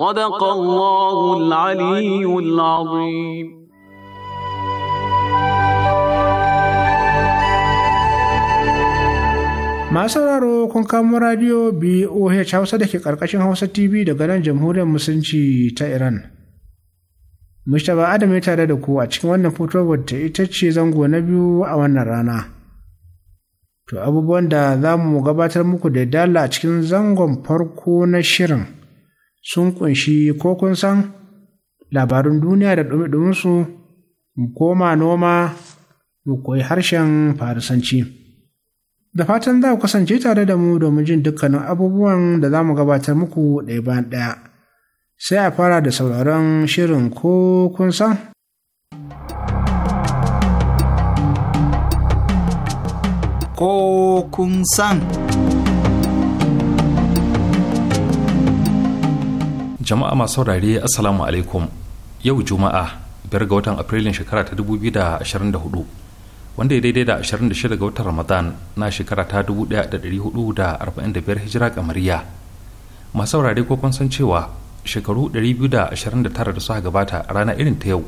صدق الله العلي العظيم masu sauraro kun kamo radio boh hausa da ke karkashin hausa tv daga nan jamhuriyar musulunci ta iran mustapha adam ya tare da ku a cikin wannan foto ta ita ce zango na biyu a wannan rana to abubuwan da za mu gabatar muku da dala a cikin zangon farko na shirin sun kunshi ko kun san labarin duniya da ɗumi-ɗuminsu mu koma noma mu koyi harshen farisanci. Da fatan za ku kasance tare da mu domin jin dukkanin abubuwan da za mu gabatar muku ɗaya bayan ɗaya. Sai a fara da sauraron shirin ko kun san? Ko kun san. jama'a masu saurare assalamu alaikum yau juma'a biyar ga watan afrilun shekara ta 2024 wanda ya daidai da 26 ga watan ramadan na shekara ta 1445 hijira kamariya masu saurare ko kun san cewa shekaru 229 da suka gabata a rana irin ta yau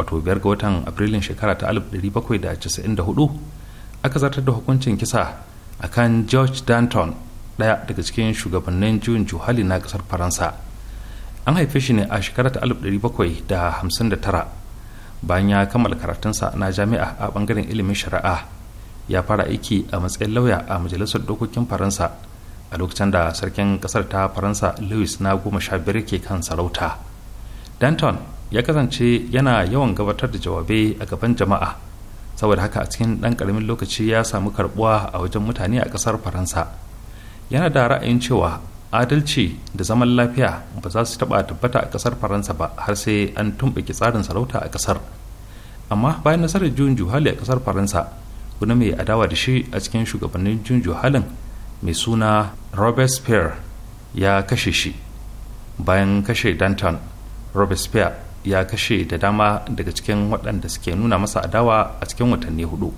wato biyar ga watan afrilun shekara ta 1794 aka zartar da hukuncin kisa akan george danton daya daga cikin shugabannin juyin juhali na kasar faransa an haife shi ne a shekarar ta tara bayan ya kammala karatunsa na jami'a a bangaren ilimin shari'a ya fara aiki a matsayin lauya a majalisar dokokin faransa a lokacin da sarkin kasar ta faransa louis na goma sha biyar ke kan sarauta danton ya kasance yana yawan gabatar da jawabai a gaban jama'a saboda haka a cikin ɗan ƙaramin lokaci ya samu karbuwa a wajen mutane a ƙasar faransa yana da ra'ayin cewa adalci da zaman lafiya ba za su taɓa tabbata a ƙasar faransa ba har sai an tumbaki tsarin sarauta a ƙasar amma bayan nasarar junju hali a ƙasar faransa wani mai adawa da shi a cikin shugabannin junju halin mai suna robespierre ya kashe shi bayan kashe danton robespierre ya kashe da dama daga cikin waɗanda suke nuna masa adawa a cikin watanni hudu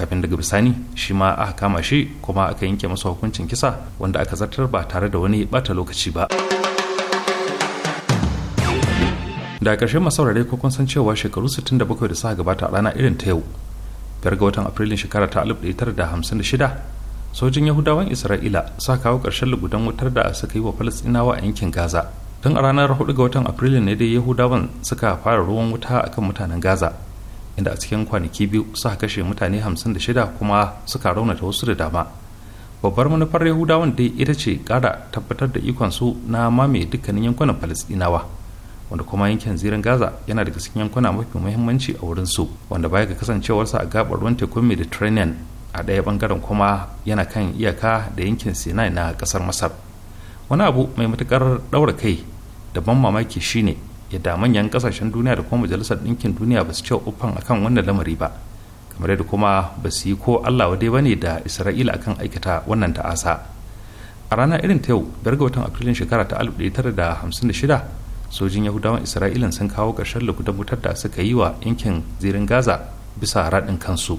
kafin daga bisani shi ma aka kama shi kuma aka yanke masa hukuncin kisa wanda aka zartar ba tare da wani bata lokaci ba da ƙarshe masaurare ko kun san cewa shekaru 67 da suka gabata a rana irin ta yau biyar ga watan afrilun shekara ta 1956 sojin yahudawan isra'ila sa kawo ƙarshen lugudan wutar da suka yi wa falastinawa a yankin gaza tun a ranar 4 ga watan afrilun ne dai yahudawan suka fara ruwan wuta akan mutanen gaza inda a cikin kwanaki biyu suka kashe mutane shida kuma suka raunata wasu da dama babbar manufar yahudawan dai ita ce kara tabbatar da ikon su na mamaye dukkanin yankunan falastinawa wanda kuma yankin zirin gaza yana daga cikin yankuna mafi muhimmanci a su wanda baya ga kasancewarsa a gabar ruwan tekun mediterranean a ɗaya bangaren kuma yana kan iyaka da yankin sinai na ƙasar masar wani abu mai matuƙar ɗaura kai da ban mamaki shine yadda manyan kasashen duniya da kuma majalisar ɗinkin duniya ba su ce uffan akan wannan lamari ba kamar yadda kuma ba su yi ko allah wadai ba ne da isra'ila akan aikata wannan ta'asa a ranar irin ta yau biyar ga watan afrilun shekara ta 1956 sojin yahudawan isra'ila sun kawo ƙarshen lokutan wutar da suka yi wa yankin zirin gaza bisa raɗin kansu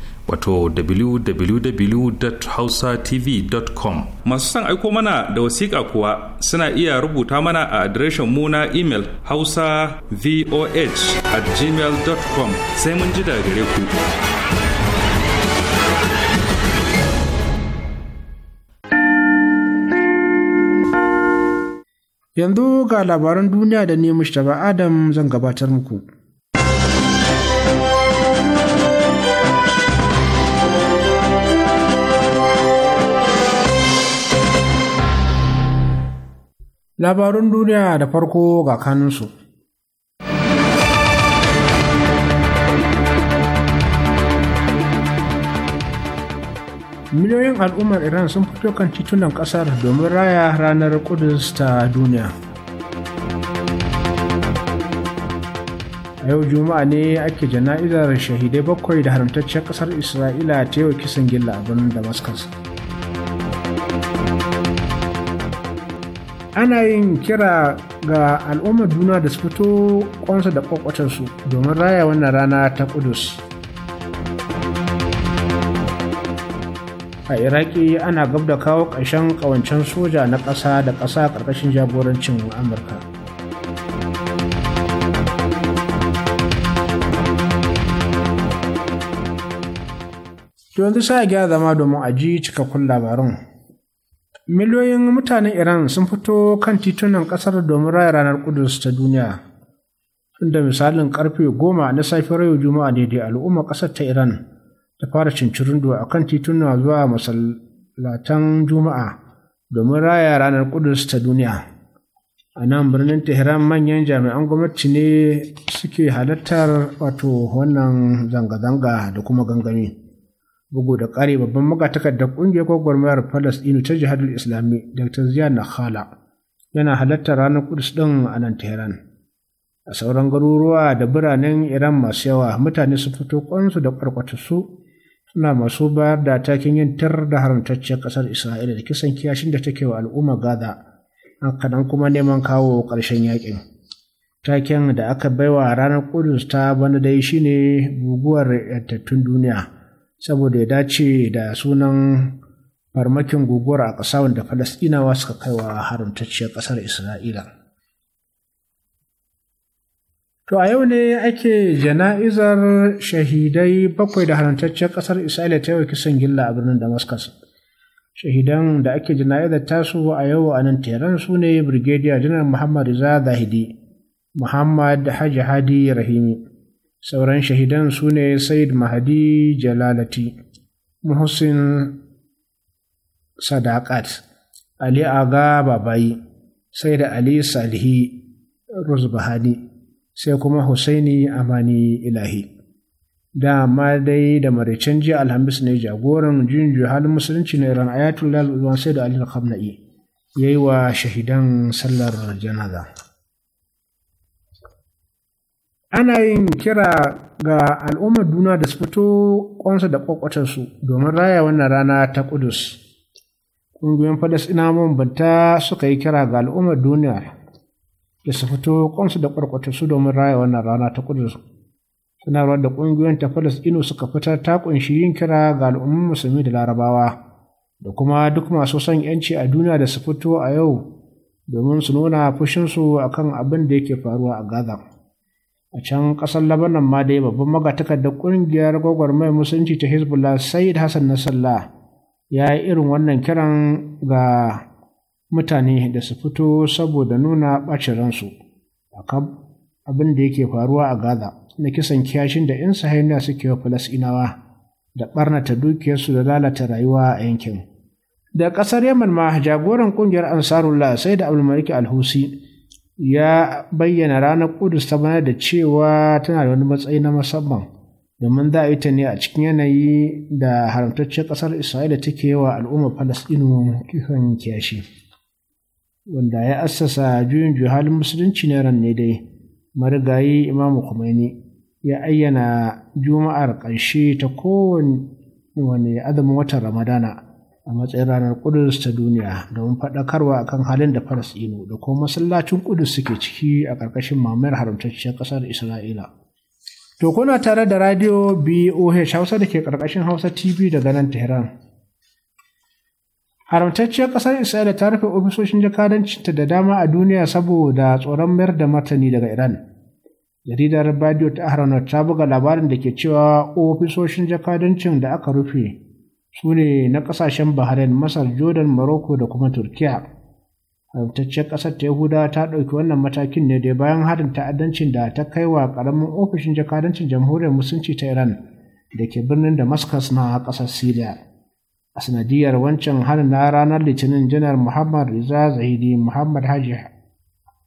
wato www.hausatv.com masu son aiko mana da wasiƙa kuwa suna iya rubuta mana a adireshin mu na imel hausa voh at gmail.com sai mun ji da gare ku yanzu ga labaran duniya da ne mushtaba adam zan gabatar muku Labarun duniya da farko ga kanunsu. Miliyoyin al'ummar Iran sun fito kan titunan ƙasar domin raya ranar Kudus ta duniya. a yau juma'a ne ake jana'izar shahidai bakwai da haramtacciyar ƙasar isra'ila ta wa kisan gilla a birnin damascus ana yin kira ga al'ummar duniya da su fito kwansa da kwakwatansu domin raya wannan rana ta kudus a iraki ana gab da kawo ƙarshen ƙawancen soja na ƙasa da ƙasa ƙarƙashin jagorancin amurka to yanzu sa gyara zama domin a ji cikakkun labarun miliyoyin mutanen iran sun fito kan titunan ƙasar domin raya ranar ƙudus ta duniya tunda misalin karfe goma na safiyar yau juma'a ne da al'ummar ƙasar ta iran ta fara do. a kan tituna zuwa masallatan juma'a domin raya ranar ƙudus ta duniya a nan birnin tehran manyan jami'an gwamnati ne suke halartar wato wannan zanga-zanga da kuma gangami. bugu da ƙari babban magatakardar ƙungiyar gwagwarmayar Falasɗinu ta jihadul Islami Dr. Ziya Nakhala yana halartar ranar Kudus ɗin a nan Tehran. A sauran garuruwa da biranen Iran masu yawa mutane su fito ƙwansu da ƙwarƙwatarsu suna masu bayar da takin yin tar da haramtacciyar ƙasar Isra'ila da kisan kiyashin da take wa al'umma Gaza, hakanan kuma neman kawo ƙarshen yaƙin. Taken da aka baiwa ranar Kudus ta bana dai shine buguwar 'yantattun duniya. saboda ya dace da sunan farmakin guguwar a ƙasa wanda falasɗinawa suka kai wa haramtacciyar ƙasar isra'ila to a yau ne ake jana'izar shahidai bakwai da haramtacciyar ƙasar isra'ila ta yau kisan gilla a birnin damascus shahidan da ake jana'izar tasu a yau a nan teran su ne brigadier janar muhammad riza zahidi muhammad haji hadi rahimi sauran shahidan su ne said mahadi jalalati muhsin sadakat ali aga babayi sai da ali salihi ruzbahani sai kuma Hussaini amani ilahi dama dai da maraicen jiya alhamis ne jagoran junju halin musulunci na iran ayatollah al'ulwan sai da ali al-khamna'i ya yi wa shahidan sallar janaza ana yin kira ga al'ummar duniya da su fito kwansu da kwakwatarsu domin raya wannan rana ta kudus ƙungiyoyin falasɗina mambanta suka yi kira ga al'ummar duniya da su fito kwansu da kwakwatarsu domin raya wannan rana ta kudus ruwa da ƙungiyoyin ta ino suka fitar ta ƙunshi yin kira ga al'ummar musulmi da larabawa da kuma duk masu son yanci a duniya da su fito a yau domin su nuna fushinsu akan abin da yake faruwa a gaza a can kasar labanan ma dai babban magatakardar kungiyar mai musulunci ta hezbollah said hassan nasallah ya yi irin wannan kiran ga mutane da su fito saboda nuna ɓacin ransu akan abin da yake faruwa a gaza na kisan kiyashin da 'yan sahiyar suke wa falasinawa da ɓarnata dukiyarsu da lalata rayuwa a yankin da ƙasar yaman ma jagoran ƙungiyar ansarullah sai da abdulmalik alhusi ya bayyana ranar Kudus ta bana da cewa tana da wani matsayi na musamman domin za a yi ta ne a cikin yanayi da haramtaccen ƙasar Isra'ila take wa al'ummar Falasɗinu kifin kiyashi. Wanda ya assasa juyin juyi halin musulunci ne ran ne dai, marigayi Imamu kumaini ya ayyana Juma'ar ƙarshe ta kowane azumin watan Ramadana. a matsayin ranar Kudus ta duniya domin faɗakarwa a kan halin da Falasɗinu da kuma masallacin Kudus suke ciki a ƙarƙashin mamayar haramtacciyar ƙasar Isra'ila. To kuna tare da radio BOH Hausa da ke ƙarƙashin Hausa TV daga nan Tehran. Haramtacciyar ƙasar Isra'ila ta rufe ofisoshin jakadancinta da dama a duniya saboda tsoron mayar da martani daga Iran. Jaridar Radio ta Aharonot ta buga labarin da ke cewa ofisoshin jakadancin da aka rufe su ne na ƙasashen bahrain masar jordan morocco da kuma turkiya haramtacciyar ƙasar ta yahudawa ta ɗauki wannan matakin ne dai bayan harin ta'addancin da ta kai wa ƙaramin ofishin jakadancin jamhuriyar musulunci ta iran da ke birnin damascus na ƙasar syria a sanadiyar wancan harin na ranar litinin janar muhammad riza zahidi muhammad haji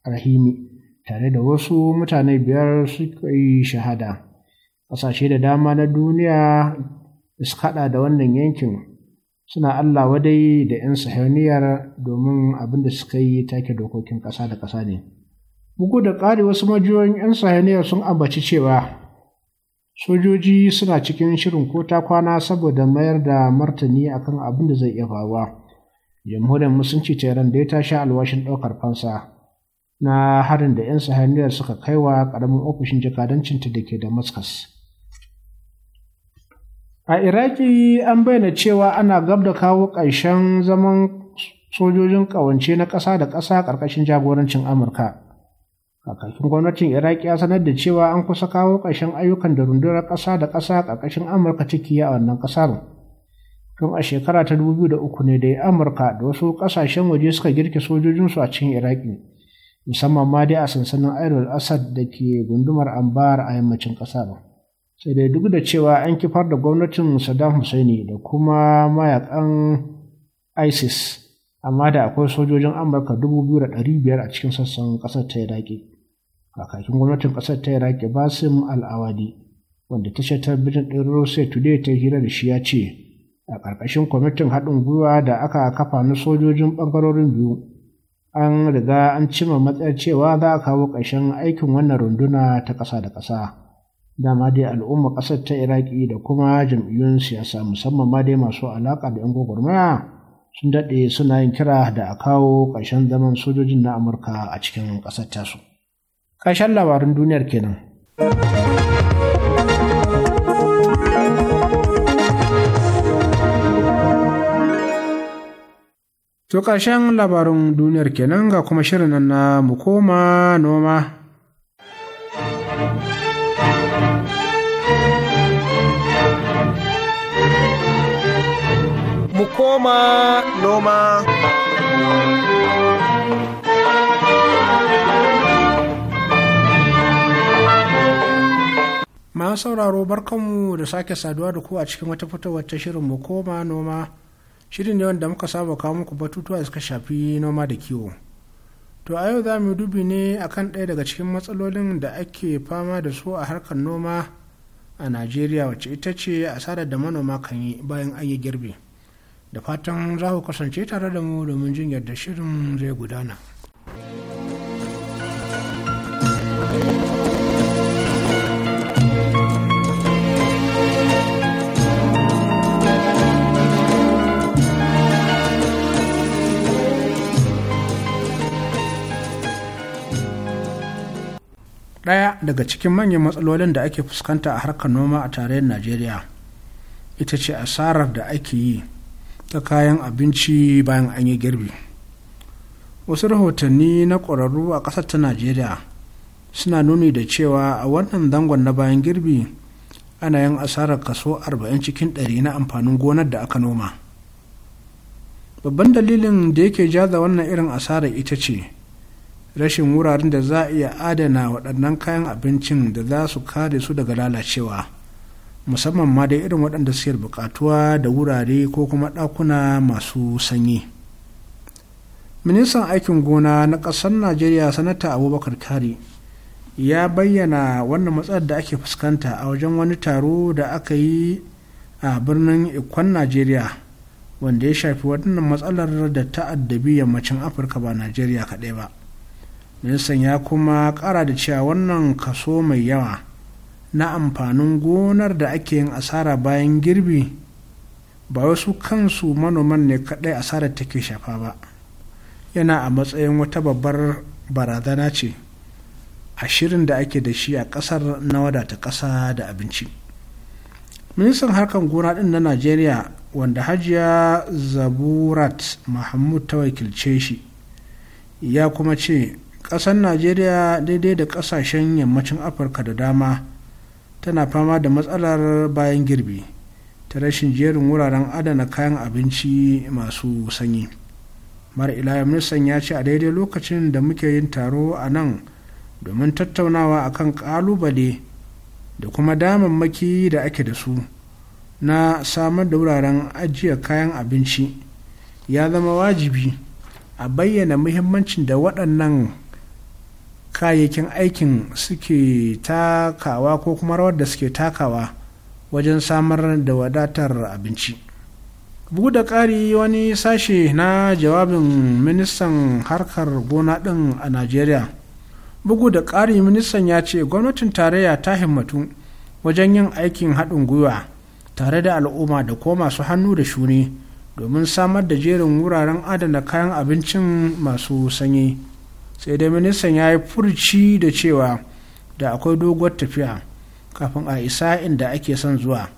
rahimi tare da wasu mutane biyar suka yi shahada ƙasashe da dama na duniya su haɗa da wannan yankin suna Allah wadai da 'yan sahauniyar domin abin da suka yi take dokokin ƙasa da ƙasa ne. Bugu da ƙari wasu majiyoyin 'yan sahauniyar sun ambaci cewa sojoji suna cikin shirin ko ta kwana saboda mayar da martani akan abin da zai iya faruwa. Jamhuriyar Musulunci ta yaran da ya tashi alwashin ɗaukar fansa na harin da 'yan sahauniyar suka kai wa ƙaramin ofishin jakadancinta da ke Damascus. a iraki an bayyana cewa ana gab da kawo ƙarshen zaman sojojin ƙawance na ƙasa da ƙasa ƙarƙashin jagorancin amurka kakakin gwamnatin iraki ya sanar da cewa an kusa kawo ƙarshen ayyukan da rundunar ƙasa da ƙasa ƙarƙashin amurka ciki a wannan ƙasar tun a shekara ta dubu da uku ne da amurka da wasu ƙasashen waje suka girke sojojinsu a cikin iraki musamman ma dai a sansanin ayrul asad da ke gundumar Anbar a yammacin ƙasar sai dai duk da cewa an kifar da gwamnatin saddam hussein da kuma mayakan isis amma da akwai sojojin amurka da biyar a cikin sassan ƙasar ta iraki kakakin gwamnatin ƙasar ta iraki basim al'awadi wanda tashar talabijin ɗin russia today ta hira da shi ya ce a ƙarƙashin kwamitin haɗin gwiwa da aka kafa na sojojin ɓangarorin biyu an riga an cima matsayar cewa za a kawo ƙarshen aikin wannan runduna ta ƙasa da ƙasa. dama dai al'ummar ƙasar ta iraki da kuma jam'iyyun siyasa musamman ma dai masu alaƙa da 'yan gwagwarmaya sun daɗe suna yin kira da a kawo ƙarshen zaman sojojin na amurka a cikin ƙasar tasu ƙarshen labarin duniyar kenan to ƙarshen labarin duniyar kenan ga kuma shirin na mu koma noma koma noma. masu sauraro barkanmu da sake saduwa da ku a cikin wata fitowar ta shirin mu koma noma shirin ne wanda muka saba kawo muku batutuwa da suka shafi noma da kiwo to a yau za mu dubi ne akan ɗaya daga cikin matsalolin da ake fama da su a harkar noma a najeriya wacce ita ce asarar da manoma kan yi bayan an yi girbi da fatan za ku kasance tare da mu domin jin yadda shirin zai gudana. ɗaya daga cikin manyan matsalolin da ake fuskanta a harkar noma a tarayyar najeriya ita ce asarar da ake yi ta kayan abinci bayan an yi girbi wasu rahotanni na ƙwararru a ƙasar ta najeriya suna nuni da cewa a wannan dangon na bayan girbi ana yin asarar kaso 40 cikin 100 na amfanin gonar da aka noma babban dalilin da yake jaza wannan irin asarar ita ce rashin wuraren da za a iya adana waɗannan kayan abincin da za su kare su daga lalacewa musamman ma da irin waɗanda suke buƙatuwa da wurare ko kuma ɗakuna masu sanyi ministan aikin gona na ƙasar najeriya sanata abubakar kari ya bayyana wannan matsalar da ake fuskanta a wajen wani taro da aka yi a birnin ikon najeriya wanda ya shafi waɗannan matsalar da ta'addabi yammacin afirka ba najeriya kaɗai ba ministan ya kuma ƙara da cewa wannan kaso mai yawa na amfanin gonar da ake yin asara bayan girbi ba wasu kansu manoman ne kaɗai asarar take shafa ba yana a matsayin wata babbar barazana ce a shirin da ake da shi a ƙasar na wadata ƙasa da abinci ministan harkar gona ɗin na najeriya wanda hajiya zaburat mahmud ta wakilce shi ya kuma ce ƙasar najeriya daidai da ƙasashen yammacin afirka da dama tana fama da matsalar bayan girbi ta rashin jerin wuraren adana kayan abinci masu sanyi mara ilayen nisan ya ce a daidai lokacin da muke yin taro a nan domin tattaunawa akan kalubale da kuma damammaki da ake da su na samar da wuraren ajiye kayan abinci ya zama wajibi a bayyana muhimmancin da waɗannan kayayyakin aikin suke takawa ko kuma rawar da suke takawa wajen samar da wadatar abinci bugu da ƙari wani sashe na jawabin ministan harkar gona ɗin a najeriya bugu da ƙari ministan ya ce gwamnatin tarayya ta himmatu wajen yin aikin haɗin gwiwa tare da al'umma da ko masu hannu da shuni domin samar da jerin wuraren adana kayan abincin masu sanyi sai dai ministan ya yi furci da cewa da akwai doguwar tafiya kafin a isa inda ake son zuwa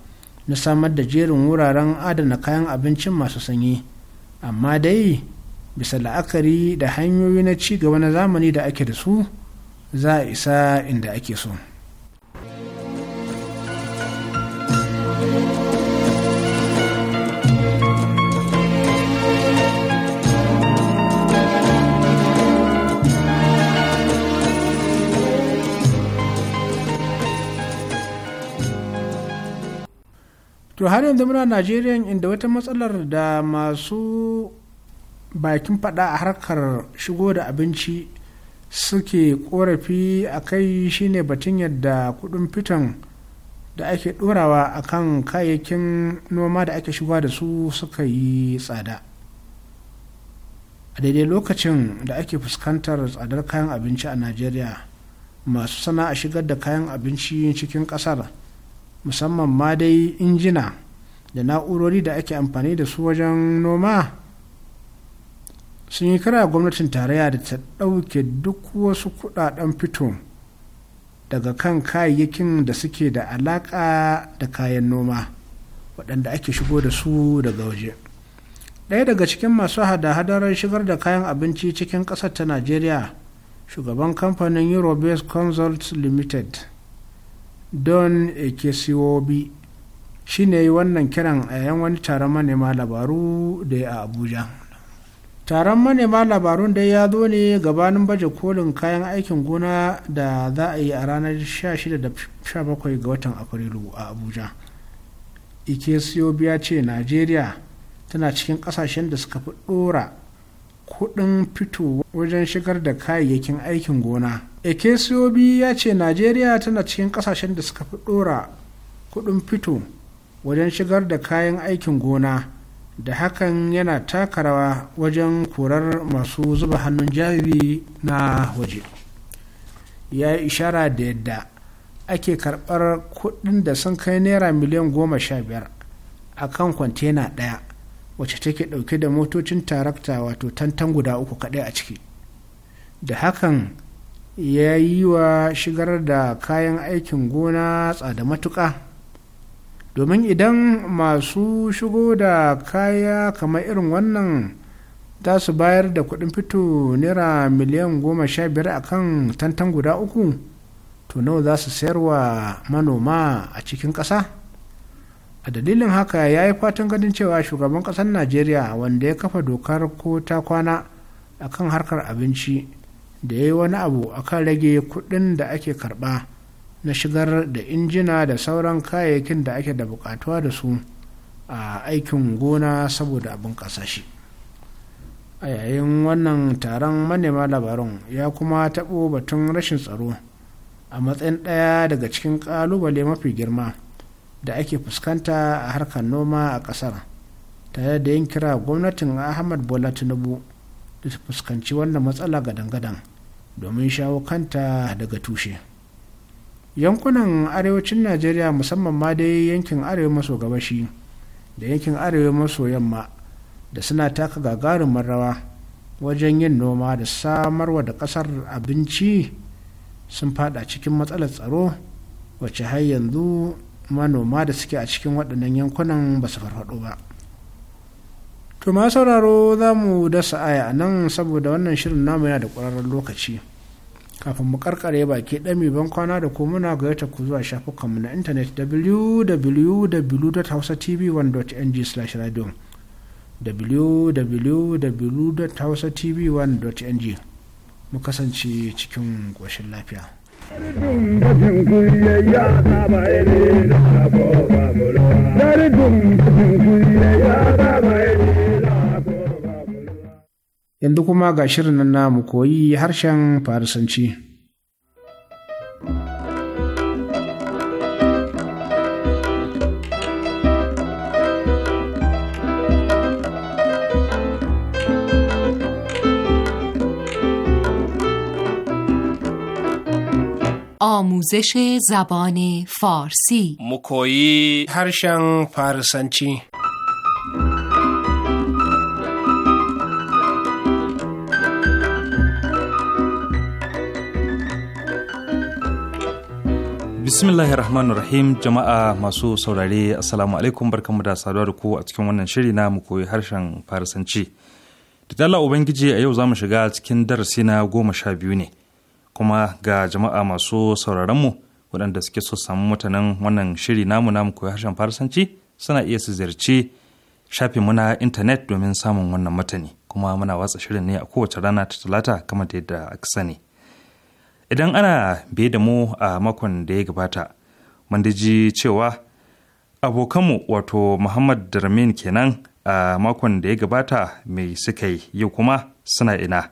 na samar da jerin wuraren adana kayan abincin masu sanyi amma dai bisa la'akari da hanyoyi na ci gaba na zamani da ake da su za a isa inda ake so. to har yanzu muna najeriya inda wata matsalar da masu bakin fada a harkar shigo da abinci suke korafi a kai shine batun yadda kudin fiton da ake dorawa a kan kayayyakin noma da ake shigowa da su suka yi tsada a daidai lokacin da ake fuskantar tsadar kayan abinci a najeriya masu sana'a shigar da kayan abinci cikin kasar musamman ma dai injina da na'urori da ake amfani da su wajen noma sun yi kira gwamnatin tarayya da ta ɗauke duk wasu kuɗaɗen fito daga kan kayayyakin da suke da alaƙa da kayan noma waɗanda ake shigo da su daga waje ɗaya daga cikin masu hada-hadarar shigar da kayan abinci cikin ƙasar ta najeriya shugaban kamfanin eurobase consult limited don ekesiwobi shi ne yi wannan kiran a yan wani taron manema labaru da a abuja taron manema labarun dai ya zo ne gabanin baje kolin kayan aikin gona da za a yi a ranar 16 da 17 ga watan afrilu a abuja ikesiyobi ya ce najeriya tana cikin kasashen da suka fi dora kudin fito wajen shigar da kayayyakin aikin gona ekesiyobi ya ce najeriya tana cikin kasashen da suka fi dora kudin fito wajen shigar da kayan aikin gona da hakan yana taka rawa wajen korar masu zuba hannun jari na waje ya yi ishara da yadda ake karɓar kuɗin da sun kai naira miliyan goma sha biyar a kan kwantena ɗaya wacce take ɗauke da motocin tarakta wato tantan guda uku kadai a ciki da hakan ya yi wa shigar da kayan aikin gona tsada matuƙa domin idan masu shigo da kaya kamar irin wannan za su bayar da kuɗin fito naira miliyan goma sha biyar a kan tantan guda uku to nawa za su sayar wa manoma a cikin ƙasa a dalilin haka ya yi fatan ganin cewa shugaban ƙasar najeriya wanda ya kafa dokar ko ta kwana a kan harkar abinci da ya yi wani abu akan rage kuɗin da ake karɓa na shigar da injina da sauran kayayyakin da ake da buƙatuwa da su a aikin gona saboda abin ƙasashe a yayin wannan taron manema labaran ya kuma taɓo batun rashin tsaro a matsayin ɗaya daga cikin ƙalubale mafi girma da ake fuskanta a harkar noma a ƙasar tare da yin kira gwamnatin ahmad bola tinubu da fuskanci wannan matsala gadan-gadan domin shawo kanta daga tushe yankunan arewacin najeriya musamman ma dai yankin arewa maso gabashi da yankin arewa maso yamma da suna taka gagarumin rawa wajen yin noma da samarwa da kasar abinci sun fada cikin matsalar tsaro wacce har yanzu manoma da suke a cikin waɗannan yankunan ba su farfado ba to ma sauraro za mu dasa aya nan saboda wannan shirin namu yana da ƙwararren lokaci kafin mu karkare baki ɗami ban kwana da ku muna gayyata ku zuwa shafukanmu na intanet www.hausatv1.ng/radio www.hausatv1.ng mu kasance cikin ƙoshin lafiya. Dari dum dum kuyi ya ba yanzu kuma ga shirin nan namu koyi harshen farisanci. آموزش زبان فارسی مکویی هرشن فارسنچی Bismillahirrahmanirrahim jama'a masu saurare assalamu alaikum barkanmu da saduwa da ku a cikin wannan shiri na mu koyi harshen farisanci. Da Allah Ubangiji a yau za mu shiga cikin darasi na goma sha biyu ne. Kuma ga jama'a masu sauraronmu waɗanda suke so samu mutanen wannan shiri namu namu koyi harshen farisanci suna iya su ziyarci shafin muna intanet domin samun wannan matani. Kuma muna watsa shirin ne a kowace rana ta talata kamar da yadda aka sani. idan ana biye da mu a makon da ya gabata mun ji cewa abokanmu wato muhammad darmin kenan a makon da ya gabata mai suka yi yau kuma suna ina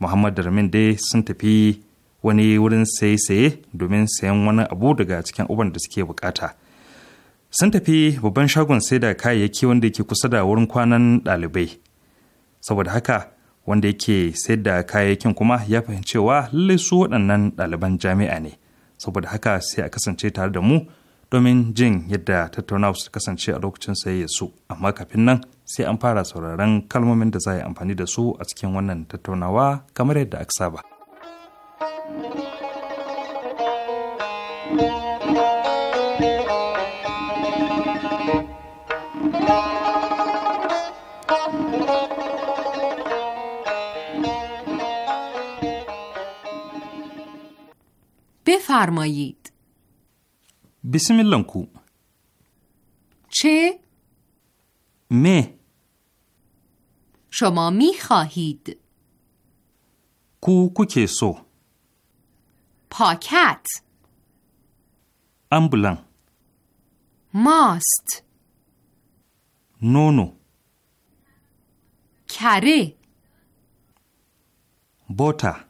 muhammad darmin dai sun tafi wani wurin saye-saye domin sayan wani abu daga cikin uban da suke bukata sun tafi babban shagon sai da kayayyaki wanda ke kusa da wurin kwanan ɗalibai saboda haka wanda yake sayar da kayayyakin kuma ya fahimci cewa lallai su waɗannan ɗaliban jami'a ne saboda haka sai a kasance tare da mu domin jin yadda tattaunawa su kasance a lokacin ya su amma kafin nan sai an fara sauraron kalmomin da za a yi amfani da su a cikin wannan tattaunawa kamar yadda aka saba. بفرمایید بسم الله کو چه؟ مه شما می خواهید کو کیسو. پاکت امبولان ماست نونو کره بوتا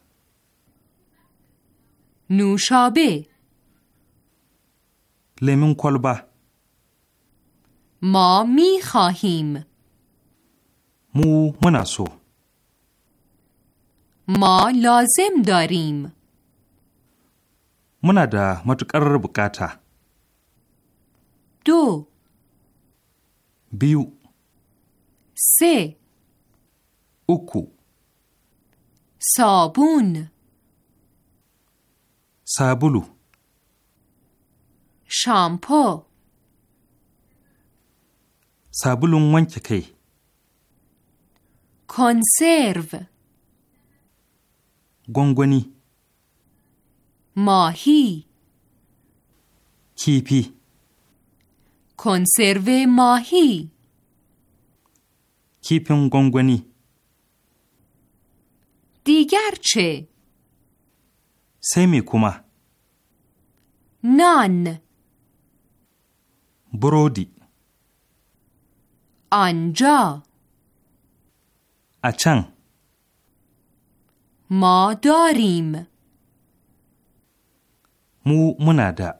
نوشابه لیمون کلبه ما می خواهیم مو مناسو ما لازم داریم muna da matuƙar bukata. Do. Biyu. Se. Uku. Sabun. sabulu shampo sabulun wanke kai conserve gwangwani mahi kifi conserve mahi kifin gwangwani Digar ce. sai me kuma? Nan. Burodi. Anja. A can. Ma darim. Mu muna da.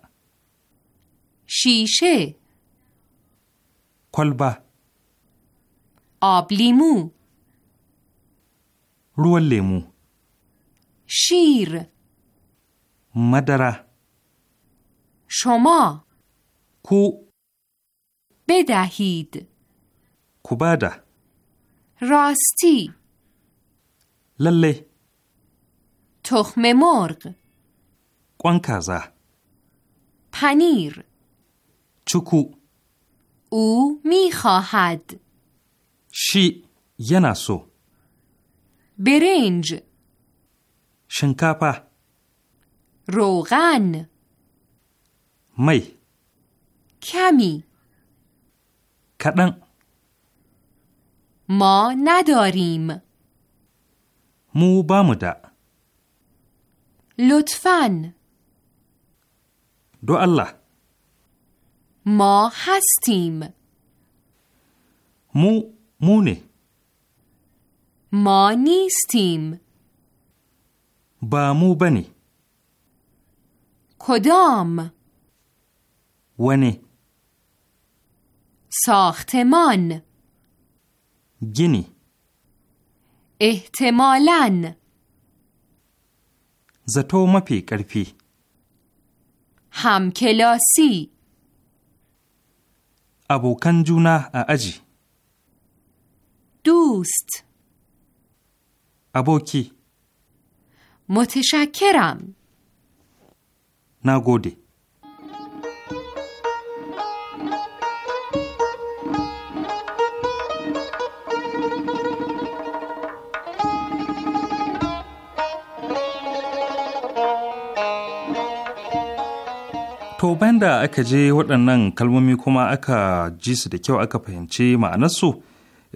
Shishe. Kwalba. Ablimu. Ruwan lemu. Shir. مدره شما کو بدهید کوباده راستی لله تخم مرغ کوانکازا پنیر چکو او میخواهد شی یناسو برنج شنکاپا روغن می کمی کدن ما نداریم مو بامدا لطفا دو الله ما هستیم مو مونه ما نیستیم با مو بنی کدام ونه ساختمان گینی احتمالاً زتو مپی کرپی همکلاسی ابو کنجونا اجی دوست ابو کی متشکرم Na gode. To bayan da aka je waɗannan kalmomi kuma aka ji su da kyau aka fahimci ma'anarsu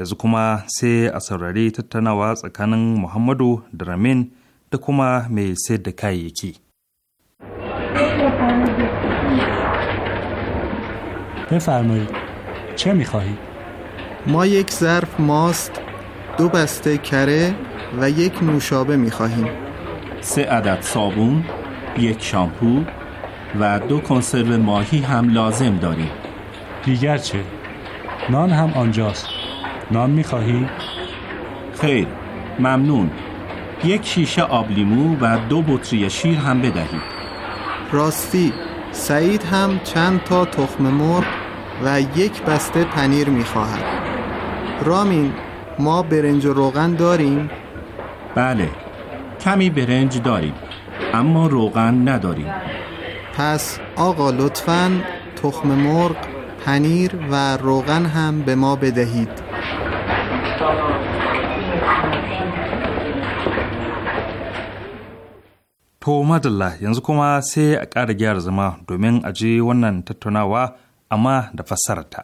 yanzu kuma sai a saurari tattaunawa tsakanin Muhammadu da Ramin da kuma mai sayar da kayayyaki. بفرمایید چه میخواهید؟ ما یک ظرف ماست دو بسته کره و یک نوشابه میخواهیم سه عدد صابون یک شامپو و دو کنسرو ماهی هم لازم داریم دیگر چه؟ نان هم آنجاست نان میخواهی؟ خیر ممنون یک شیشه آب لیمو و دو بطری شیر هم بدهید راستی سعید هم چند تا تخم مرغ و یک بسته پنیر خواهد رامین ما برنج و روغن داریم؟ بله کمی برنج داریم اما روغن نداریم پس آقا لطفا تخم مرغ پنیر و روغن هم به ما بدهید To madalla yanzu kuma sai a ƙara gyara zama domin a ji wannan tattaunawa amma da fassararta.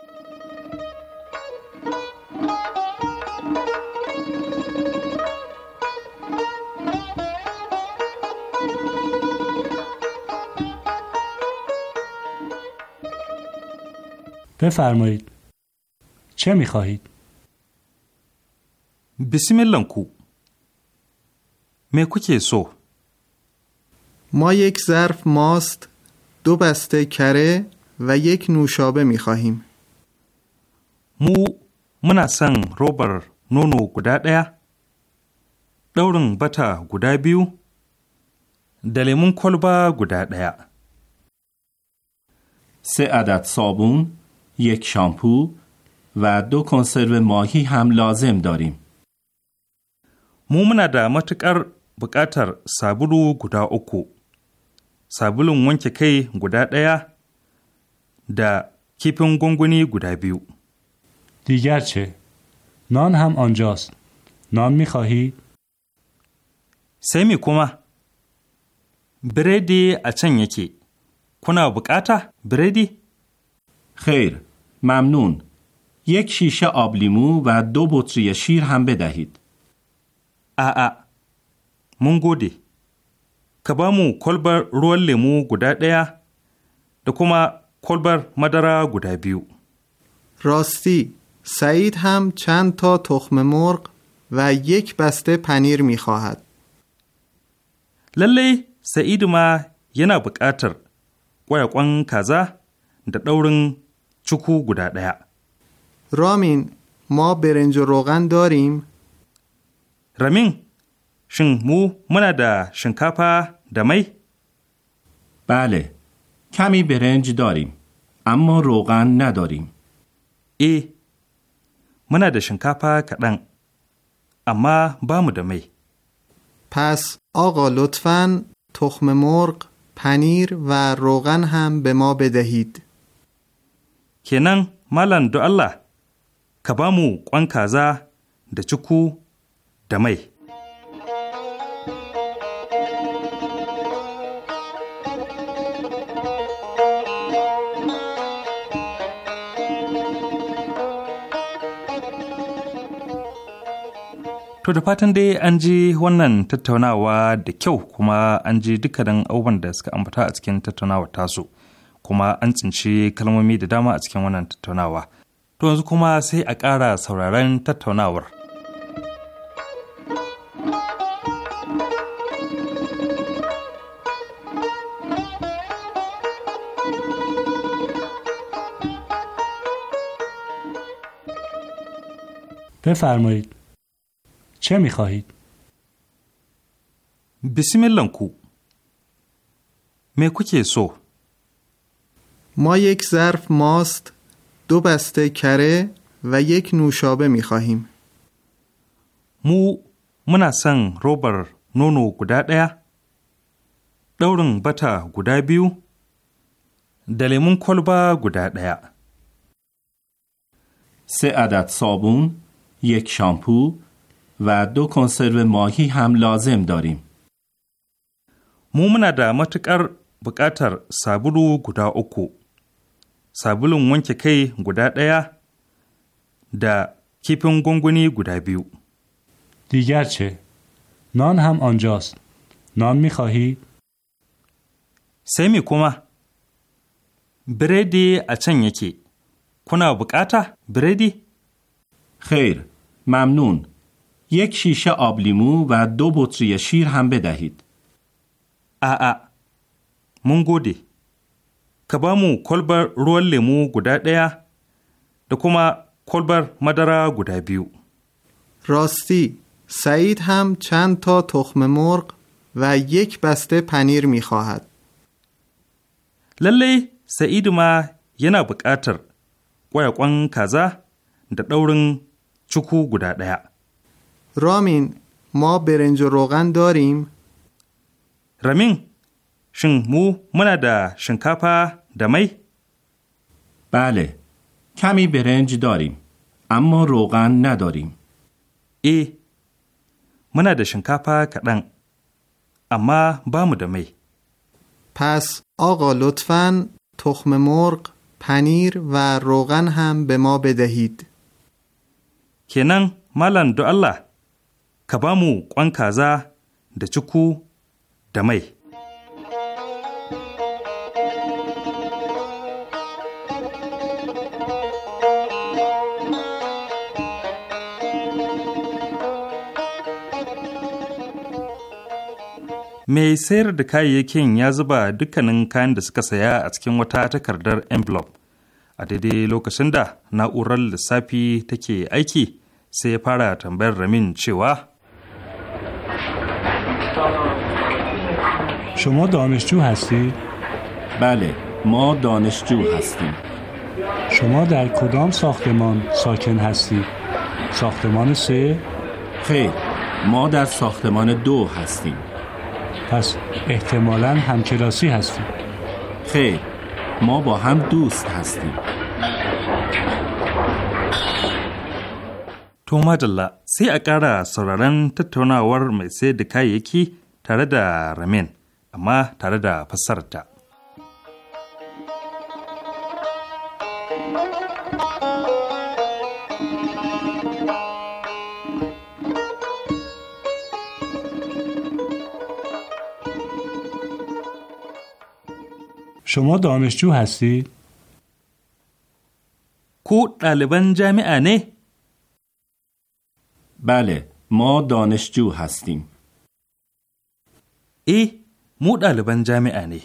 بفرمایید چه میخواهید؟ بسم الله کو میکو که سو ما یک ظرف ماست دو بسته کره و یک نوشابه می خواهیم مو منا سن روبر نونو گدا دیا دورن بتا گدا بیو دلیمون کلبا گدا دیا سه عدد صابون یک شامپو و دو کنسرو ماهی هم لازم داریم مو muna دا متکر buƙatar sabulu گدا اکو sabulun من کی guda ɗaya da کیپون گونگونی گوده بیو دیگر چه؟ نان هم آنجاست نان میخواهی؟ سمی بریدی بردی اچن یکی کنا بکاتا بردی؟ خیر ممنون یک شیشه آب لیمو و دو بطری شیر هم بدهید آآ من گودی ka ba mu kwalbar ruwan lemu guda ɗaya da kuma کلبر مدرا گوده بیو راستی سعید هم چند تا تخم مرغ و یک بسته پنیر می خواهد للی سعید ما ینا بکاتر قوی قوان کازا در دورن چکو گوده رامین ما برنج و روغن داریم رامین شن مو منا دا شنکاپا می بله کمی برنج داریم اما روغن نداریم ای منا دا شنکاپا کدن اما بامو می پس آقا لطفا تخم مرغ پنیر و روغن هم به ما بدهید کنن مالن دو الله کبامو قوان کازا da ده چکو To da fatan dai an ji wannan tattaunawa da kyau kuma an ji dukkanin abubuwan da suka ambata a cikin tattaunawa tasu kuma an tsinci kalmomi da dama a cikin wannan tattaunawa. To yanzu kuma sai a ƙara sauraron tattaunawar. بفرمایید چه می خواهید؟ بسم الله کو میکو که سو ما یک ظرف ماست دو بسته کره و یک نوشابه می خواهیم مو منا روبر نونو گده دیا دورن بتا گده بیو دلیمون کلبا گده دیا سه عدد صابون یک شامپو و دو کنسرو ماهی هم لازم داریم. مو منا دا متکر بکاتر سابلو گدا اوکو. سابلون ونکه کی گدا دیا دا کیپون گنگونی گدا بیو. دیگر چه؟ نان هم آنجاست. نان خواهی سه میکوما. بردی اچن یکی. کنا بکاتا بردی؟ خیر. ممنون. یک شیشه آب لیمو و دو بطری شیر هم بدهید. ا من دی. کبامو کلبر mu کلبر لیمو گودا دیا ɗaya da کلبر مدرا گودا راستی سعید هم چند تا تخم مرغ و یک بسته پنیر می خواهد. للی سعید ما ینا اتر. قوی قوان کازا در دورن چکو گودا دیا. رامین ما برنج و روغن داریم؟ رامین شن مو منا دا شنکاپا دمی؟ بله کمی برنج داریم اما روغن نداریم ای منا دا شنکاپا کدن اما بامو دمی پس آقا لطفا تخم مرغ پنیر و روغن هم به ما بدهید کنن مالن دو الله ka ba mu ƙwan kaza da ciku da mai. Mai sayar da kayayyakin ya zuba dukkanin kayan da suka saya a cikin wata takardar envelope. A daidai lokacin da na'urar lissafi take aiki sai ya fara tambayar Ramin cewa شما دانشجو هستی؟ بله ما دانشجو هستیم شما در کدام ساختمان ساکن هستید؟ ساختمان سه؟ خیر ما در ساختمان دو هستیم پس احتمالا همکلاسی هستیم خیر ما با هم دوست هستیم To madalla sai a ƙara sauraron tattaunawar mai sai da kayayyaki tare da Ramin, amma tare da fassarta. شما دانشجو هستید؟ کو ɗaliban jami'a ne? بله ما دانشجو هستیم ای مو دالبان جامعه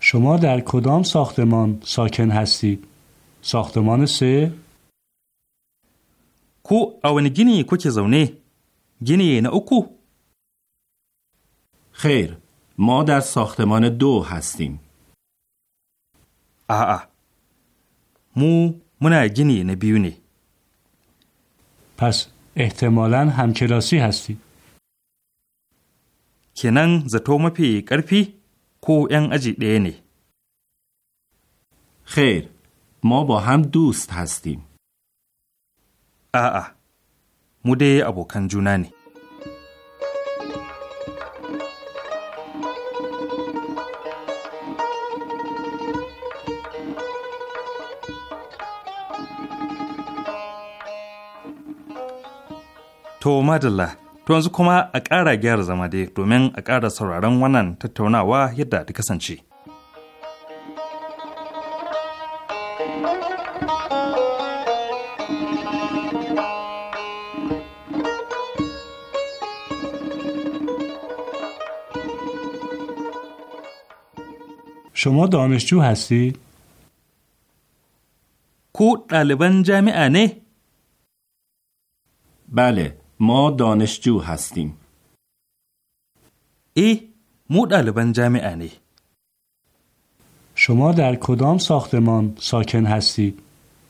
شما در کدام ساختمان ساکن هستید؟ ساختمان سه؟ کو اون گینی کو که زونه؟ گینی نه اوکو؟ خیر ما در ساختمان دو هستیم آه مو منا گینی نه پس احتمالا همکلاسی هستید. کنن زتو مپی کرپی کو این اجی دینی خیر ما با هم دوست هستیم. آه آه، مده ابو To madalla, to yanzu kuma a ƙara gyara zama dai domin a ƙara sauraron wannan tattaunawa yadda ta kasance. شما دانشجو هستید؟ کو طالبان جامعه نه؟ بله ما دانشجو هستیم. ای مو طالبان جامعه شما در کدام ساختمان ساکن هستید؟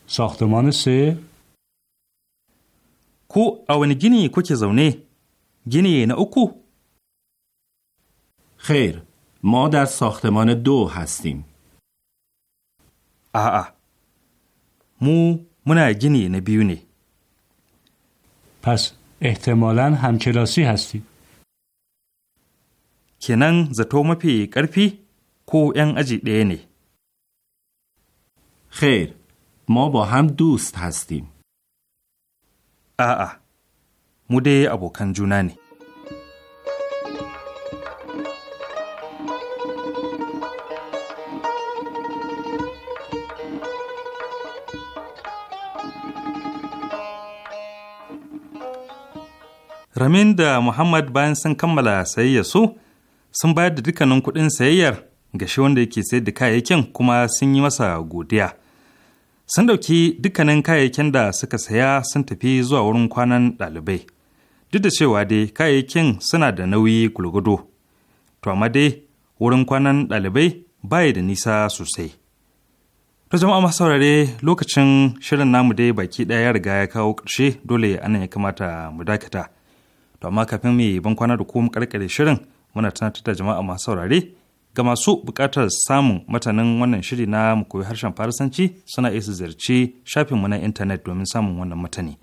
ساختمان سه؟ کو اون گینی کو که زونه؟ گینی نه اوکو؟ خیر ما در ساختمان دو هستیم. آه مو منا گینی نه بیونی پس احتمالا همکلاسی هستید. کنن زتو مپی کرپی کو این اجی دینی. خیر ما با هم دوست هستیم. آه مده مده ابو کنجونانی. Ramin da Muhammad bayan sun kammala sayayya su sun bayar da dukkanin kuɗin sayayyar ga shi wanda yake sayar da kayayyakin kuma sun yi masa godiya. Sun ɗauki dukkanin kayayyakin da suka saya sun tafi zuwa wurin kwanan ɗalibai. Duk da cewa dai kayayyakin suna da nauyi gulgudo. To amma dai wurin kwanan ɗalibai baya da nisa sosai. To jama'a masu saurare lokacin shirin namu dai baki ɗaya ya riga ya kawo ƙarshe dole anan ya kamata mu dakata. to amma kafin mu yi ban kwana da kuma karkare shirin muna tunatar da jama'a masu saurare ga masu buƙatar samun matanin wannan shiri na mu koyi harshen farisanci suna iya su ziyarci shafin na intanet domin samun wannan matani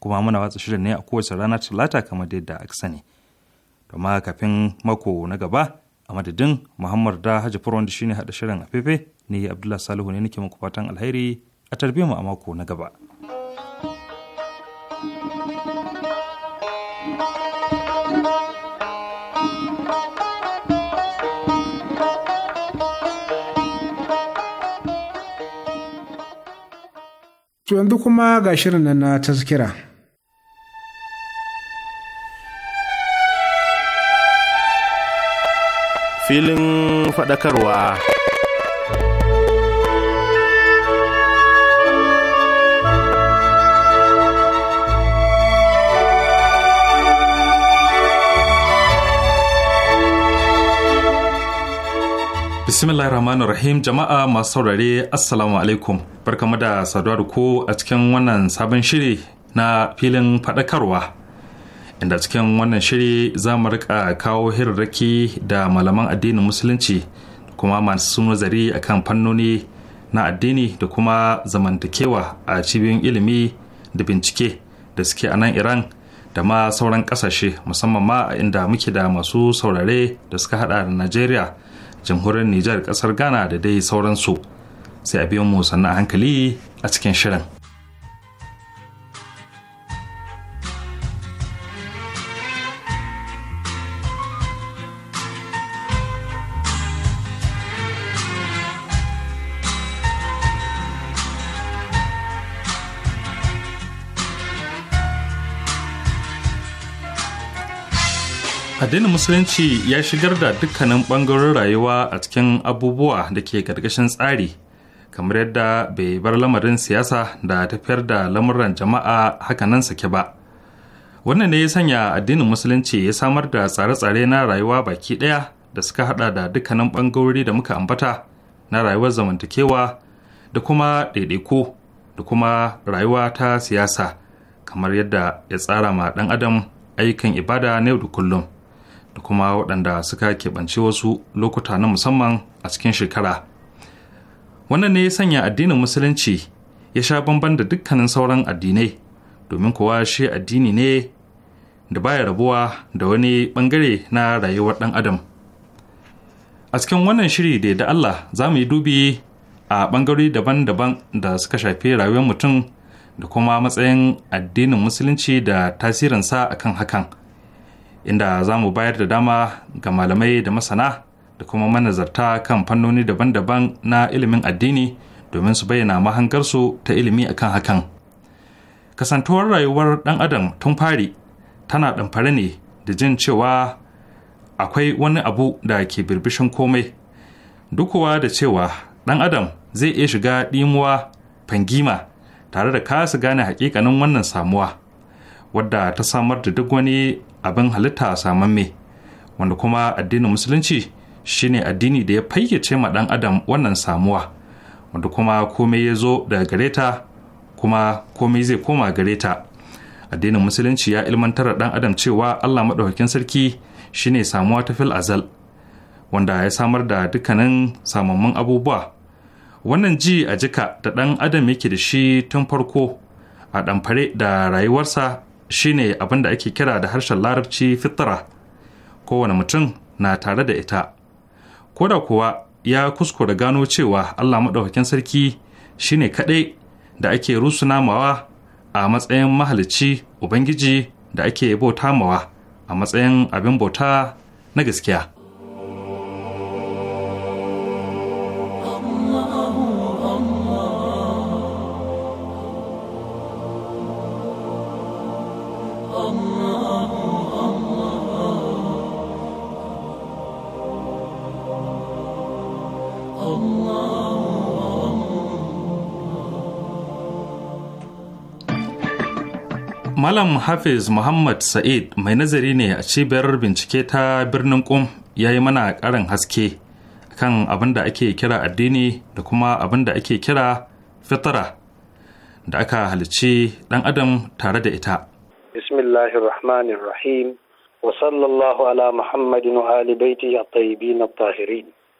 kuma muna watsa shirin ne a kowace rana talata kamar yadda aka sani to amma kafin mako na gaba a madadin muhammad da hajji furon da shine hada shirin a fefe ne abdullahi salihu ne nake muku fatan alheri a tarbe mu a mako na gaba. thank you To yanzu kuma ga shirin nan na tazkira. Filin faɗakarwa. Bismillahir Rahim jama'a masu saurare Assalamu alaikum. Barkamu da saduwa da ko a cikin wannan sabon shiri na filin faɗakarwa. Inda cikin wannan shiri za mu rika kawo hirarraki da malaman addinin musulunci kuma masu nazari kan fannoni na addini da kuma zamantakewa a cibiyoyin ilimi da bincike da suke a nan Iran da ma sauran ƙasashe musamman ma inda muke da masu saurare da suka hada da Najeriya. jamhuriyar nijar kasar ghana da dai sauransu sai a biyan mu sannan hankali a cikin shirin addinin musulunci ya shigar da dukkanin bangarorin rayuwa a cikin abubuwa da ke ƙarƙashin tsari kamar yadda bai bar lamarin siyasa da tafiyar da lamuran jama'a hakanan sake ba wannan ne ya sanya addinin musulunci ya samar da tsare-tsare na rayuwa baki ɗaya da suka hada da dukkanin bangarori da muka ambata na rayuwar zamantakewa da kuma ɗaiɗaiku da kuma rayuwa ta siyasa kamar yadda ya tsara ma ɗan adam aikin ibada na yau da kullum. da kuma waɗanda suka keɓanci wasu lokuta na musamman a cikin shekara wannan ne ya sanya addinin musulunci ya sha bamban da dukkanin sauran addinai domin kuwa shi addini ne da baya rabuwa da wani bangare na rayuwar ɗan adam a cikin wannan shiri da da allah za mu yi dubi a bangare daban-daban da suka shafi rayuwar mutum da kuma matsayin addinin musulunci da tasirinsa akan hakan inda za mu bayar da dama ga malamai da masana da kuma manazarta kan fannoni daban-daban na ilimin addini domin su bayyana mahangarsu ta ilimi akan hakan kasantuwar rayuwar ɗan adam tun fari tana ɗamfare ne da jin cewa akwai wani abu da ke birbishin komai dukuwa da cewa ɗan adam zai iya shiga ɗimuwa fangima tare da kasa gane hakikanin wannan samuwa wadda ta samar da duk wani abin halitta saman a me. wanda kuma addinin musulunci shine addini da ya fayyace ma dan adam wannan samuwa wanda kuma komai ya zo daga gare kuma komai zai koma gare ta addinin musulunci ya ilmantar da dan adam cewa allah maɗaukakin sarki shine samuwa ta fil azal wanda ya samar da dukkanin samammun abubuwa wannan ji a jika da dan adam yake da shi tun farko a ɗamfare da rayuwarsa shine abin da ake kira da harshen larabci fitara kowane mutum na tare da ita ko da kuwa ya kuskura gano cewa allah maɗaukakin sarki shine kaɗai da ake rusunamawa a matsayin mahalicci ubangiji da ake bauta mawa a matsayin abin bauta na gaskiya Malam Hafiz Muhammad Sa'id mai nazari ne a cibiyar bincike ta birnin ƙum ya yi mana ƙarin haske kan abin da ake kira addini da kuma abin da ake kira fitara da aka halici ɗan adam tare da ita. Bismillahirrahmanirrahim wa sallallahu ala Muhammadin wa ali baiti at-tayyibin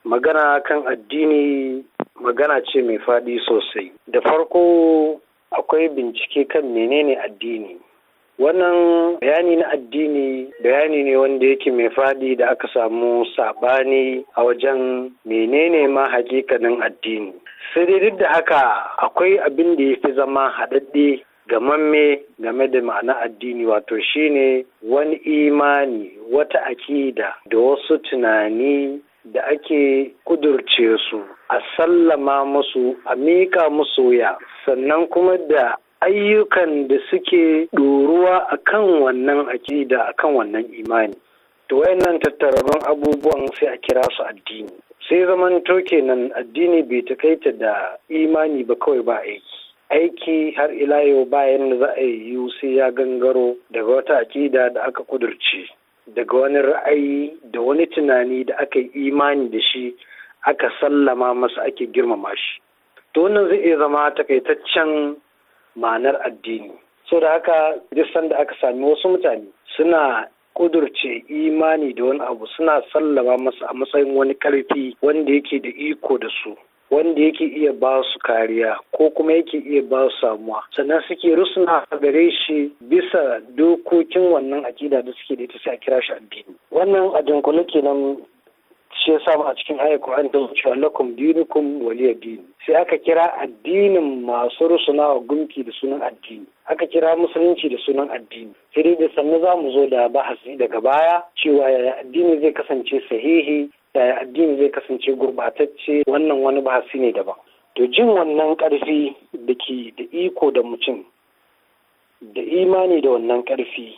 Magana kan addini magana ce mai faɗi sosai. Da farko akwai bincike kan menene addini wannan bayani na addini bayani ne wanda yake mai faɗi da aka samu saɓani a wajen menene ma hakikanin addini sai dai duk da haka akwai abin da ya fi zama haɗaɗɗe gamamme game da ma'ana addini wato shine wani imani wata akida da wasu tunani da ake kudurce su a sallama musu a mika musu ya sannan kuma da ayyukan da suke ɗoruwa a kan wannan aƙida a kan wannan imani to wayannan tattararrun abubuwan sai a kira su addini sai zaman toke nan addini bai takaita da imani ba kawai ba aiki aiki har ila yau bayan da za a yi sai ya gangaro daga wata aƙida da aka kudurce daga wani ra'ayi da wani tunani da aka yi imani da shi aka sallama masa ake girmama shi to wannan zai iya zama takaitaccen ma'anar addini so da haka duk sanda aka sami wasu mutane suna kudurce imani da wani abu suna sallama masa a matsayin wani karfi wanda yake da iko da su wanda yake iya ba su kariya ko kuma yake iya ba su samuwa sannan suke rusuna a gare shi bisa dokokin wannan akida da suke da ita sai a kira shi addini wannan a dunkule kenan shi yasa a cikin ayyuka Qur'an da cewa lakum dinukum waliya din sai aka kira addinin masu rusuna wa gunki da sunan addini aka kira musulunci da sunan addini sai dai da sannu za mu zo da bahasi daga baya cewa addini zai kasance sahihi yaya addini zai kasance gurbatacce wannan wani bahasi ne daban to jin wannan ƙarfi da ke da iko da mutum da imani da wannan ƙarfi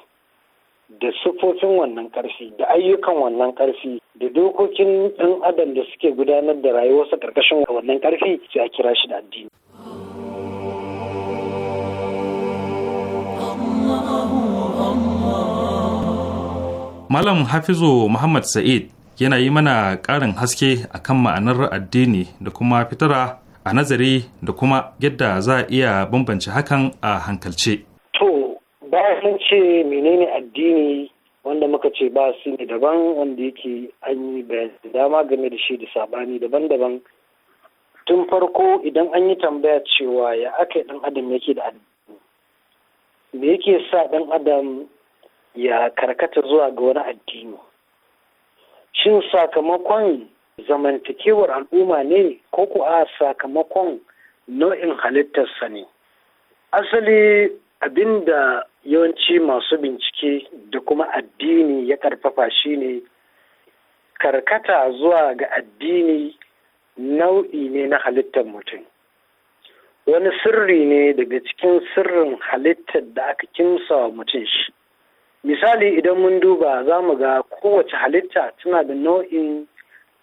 da siffofin wannan karfi da ayyukan wannan karfi da dokokin ɗan adam da suke gudanar da rayuwarsa ƙarƙashin wannan ƙarfi sai a kira shi da addini. Malam Hafizu Muhammad Sa'id yana yi mana ƙarin haske a kan ma'anar addini da kuma fitara a nazari da kuma yadda za a iya bambance hakan a hankalce. bayan mun ce menene addini wanda muka ce ba su ne daban wanda yake an yi bayani dama game da shi da sabani daban-daban tun farko idan an yi tambaya cewa ya aka dan adam yake da addini me yake sa dan adam ya karkata zuwa ga wani addini shin sakamakon zamantakewar al'umma ne ko kuwa sakamakon nau'in halittarsa ne asali abinda yawanci masu bincike da kuma addini ya karfafa shine karkata zuwa ga addini nau'i ne na halittar mutum wani sirri ne daga cikin sirrin halittar da aka kimsa wa mutum shi misali idan mun duba za mu ga kowace halitta tana da nau'in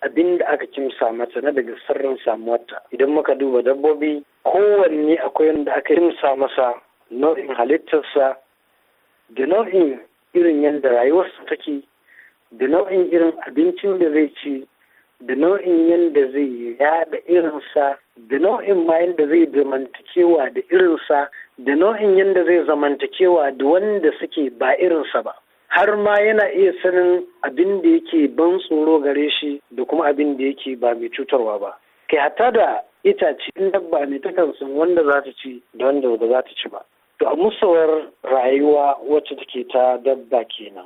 abin da aka kimsa mata na daga sirrin samuwarta idan muka duba dabbobi kowanne akwai wanda aka kimsa masa nau'in halittarsa da nau'in irin yadda rayuwarsa take da nau'in irin abincin da zai ci da nau'in yadda zai yada irinsa da nau'in ma yadda zai zamantakewa da irinsa da nau'in yadda zai zamantakewa da wanda suke ba irinsa ba har ma yana iya sanin abin da yake ban tsoro gare shi da kuma abin da yake ba mai cutarwa ba kai hatta da itace in dabba ne takan kansu wanda za ta ci da wanda ba za ta ci ba to musawar rayuwa wacce take ta dabba kenan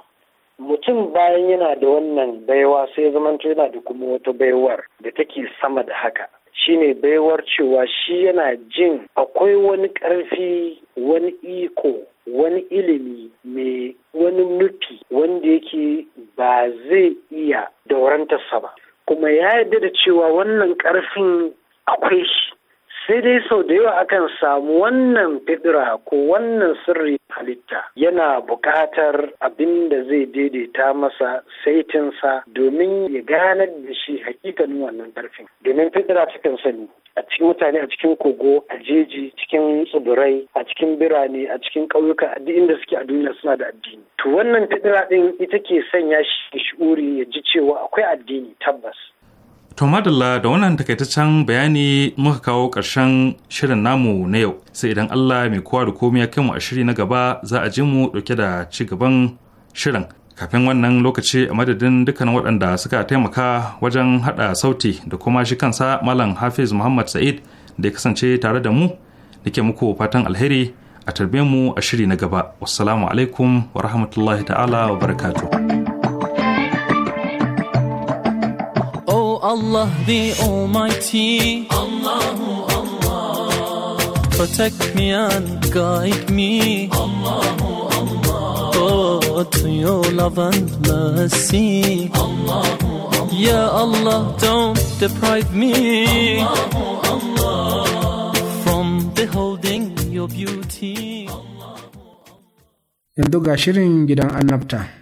mutum bayan yana da wannan baiwa sai zamanto yana da kuma wata baiwar da take sama da haka shine baiwar cewa shi yana jin akwai wani ƙarfi wani iko wani ilimi mai wani nufi wanda yake ba zai iya daurantarsa ba kuma ya yarda da cewa wannan ƙarfin akwai shi sai dai sau da yawa akan samu wannan fidira ko wannan sirri halitta yana buƙatar abin da zai daidaita masa saitinsa domin ya ganar da shi hakikanin wannan ƙarfin domin fidira cikin sani a cikin mutane a cikin kogo a jeji cikin tsibirai a cikin birane a cikin ƙauyuka a duk inda suke a duniya suna da addini to wannan fitira din ita ke sanya shi shi'uri ya ji cewa akwai addini tabbas To madalla da wannan takaitaccen bayani muka kawo ƙarshen shirin namu na yau sai idan Allah mai kowa da komai ya mu a shiri na gaba za a ji mu ɗauke da ci gaban shirin. Kafin wannan lokaci a madadin dukkan waɗanda suka taimaka wajen haɗa sauti da kuma shi kansa Malam Hafiz Muhammad Sa'id da ya kasance tare da mu nake muku fatan alheri a tarbe mu a shiri na gaba. Wassalamu alaikum wa rahmatullahi ta'ala wa barakatuh. Allah the Almighty. Allahu Allah. Protect me and guide me. Allahu Allah. Oh, to your love and mercy. Allahu Allah. Ya Allah, don't deprive me. Allahu Allah. From beholding your beauty. Yanzu ga shirin gidan annabta.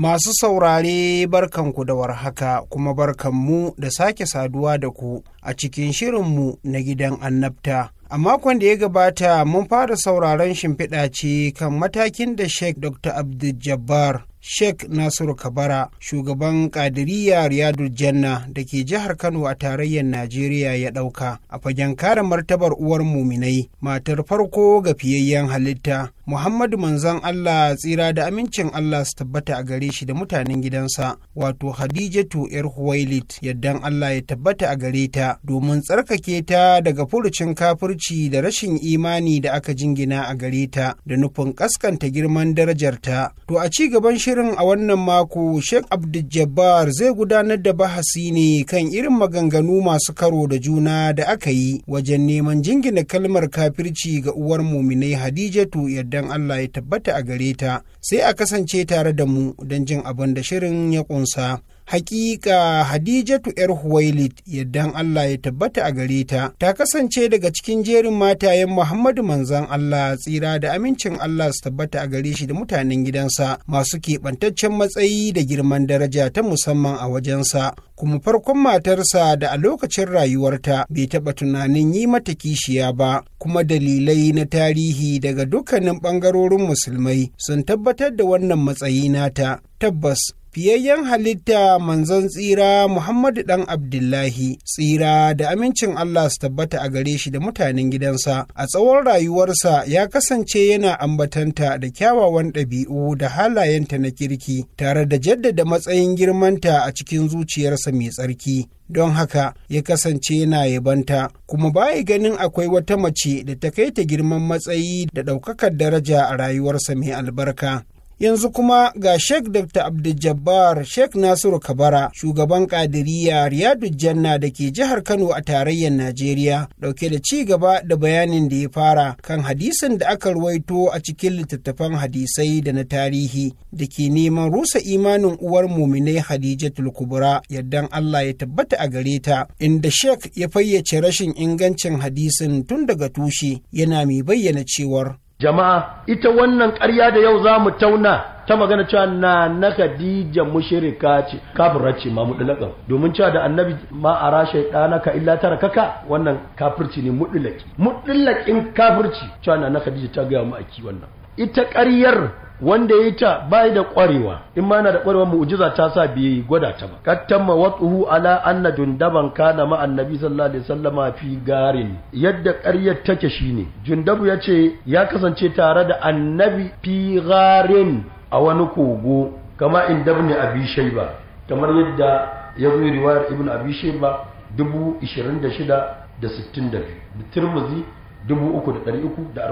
Masu saurare barkanku da warhaka kuma barkanmu da sake saduwa da ku a cikin shirinmu na gidan annabta. A makon da ya gabata mun fara sauraron shimfiɗa ce kan matakin da Sheikh Dr. Abdul Jabbar Sheikh Nasiru Kabara, shugaban Kadiriyya Riyadul Janna da ke jihar Kano a tarayyar Najeriya ya ɗauka a fagen kare martabar uwar muminai, matar farko ga fiyayyen halitta. Muhammadu manzan Allah tsira da amincin Allah su tabbata a gare shi da mutanen gidansa wato Hadijatu ‘yar Huwailit yaddan Allah ya tabbata a gare ta domin tsarkake ta daga furucin kafirci da rashin imani da aka jingina a gare ta da nufin kaskanta girman darajarta. To a ci gaban shirin a wannan mako Sheikh Abdul zai gudanar da bahasi ne kan irin maganganu masu karo da juna da aka yi wajen neman jingina kalmar kafirci ga uwar muminai Hadijatu yadda Idan Allah ya tabbata a gare ta sai a kasance tare da mu don jin abin da shirin ya ƙunsa. Hakika Hadijatu ‘yar Huwailid, yadda Allah ya tabbata a gare ta, ta kasance daga cikin jerin matayen Muhammadu manzan Allah tsira da amincin Allah su tabbata a gare shi da mutanen gidansa masu keɓantaccen matsayi da girman daraja ta musamman a wajensa. Kuma farkon matarsa da a lokacin rayuwarta bai taɓa tunanin yi mata kishiya ba, kuma dalilai na tarihi daga dukkanin ɓangarorin musulmai sun tabbatar da wannan matsayi nata. Tabbas fiyayyen halitta manzon tsira Muhammadu ɗan Abdullahi tsira da amincin Allah su tabbata a gare shi da mutanen gidansa a tsawon rayuwarsa ya kasance yana ambatanta da kyawawan ɗabi'u da halayenta na kirki tare da jaddada matsayin girmanta a cikin zuciyarsa mai tsarki don haka ya kasance yana yabanta kuma bayi ganin akwai wata mace da ta kai ta girman matsayi da ɗaukakar daraja a rayuwarsa mai albarka yanzu kuma ga sheikh dr abdul sheikh nasiru kabara shugaban kadiriya riyadu janna da ke jihar kano a tarayyar najeriya dauke da ci gaba da bayanin da ya fara kan hadisin da aka ruwaito a cikin littattafan hadisai da na tarihi da ke neman rusa imanin uwar muminai hadijatul kubra yaddan allah ya tabbata a gare ta inda sheikh ya fayyace rashin ingancin hadisin tun daga tushe yana mai bayyana cewar jama'a ita wannan ƙarya da yau za mu tauna ta magana cewa na na Khadija mushrika ce kafira ce ma mutlaqan domin cewa da annabi ma ara ka illa tarakaka wannan kafirci ne mutlaqi mutlaqin kafirci cewa na na Khadija ta ga mu aki wannan ita ƙaryar wanda ya ta bayi da ƙwarewa in ma yana da ƙwarewa mu'jiza ta sa bai gwada ta ba kattamma watsuhu ala anna jundaban kana ma annabi sallallahu alaihi a fi garin yadda ƙaryar take shine jundabu yace ya kasance tare da annabi fi garin a wani kogo kama in dabni abi shayba kamar yadda ya zo riwayar ibn abi shayba ishirin da sittin da tirmizi uku da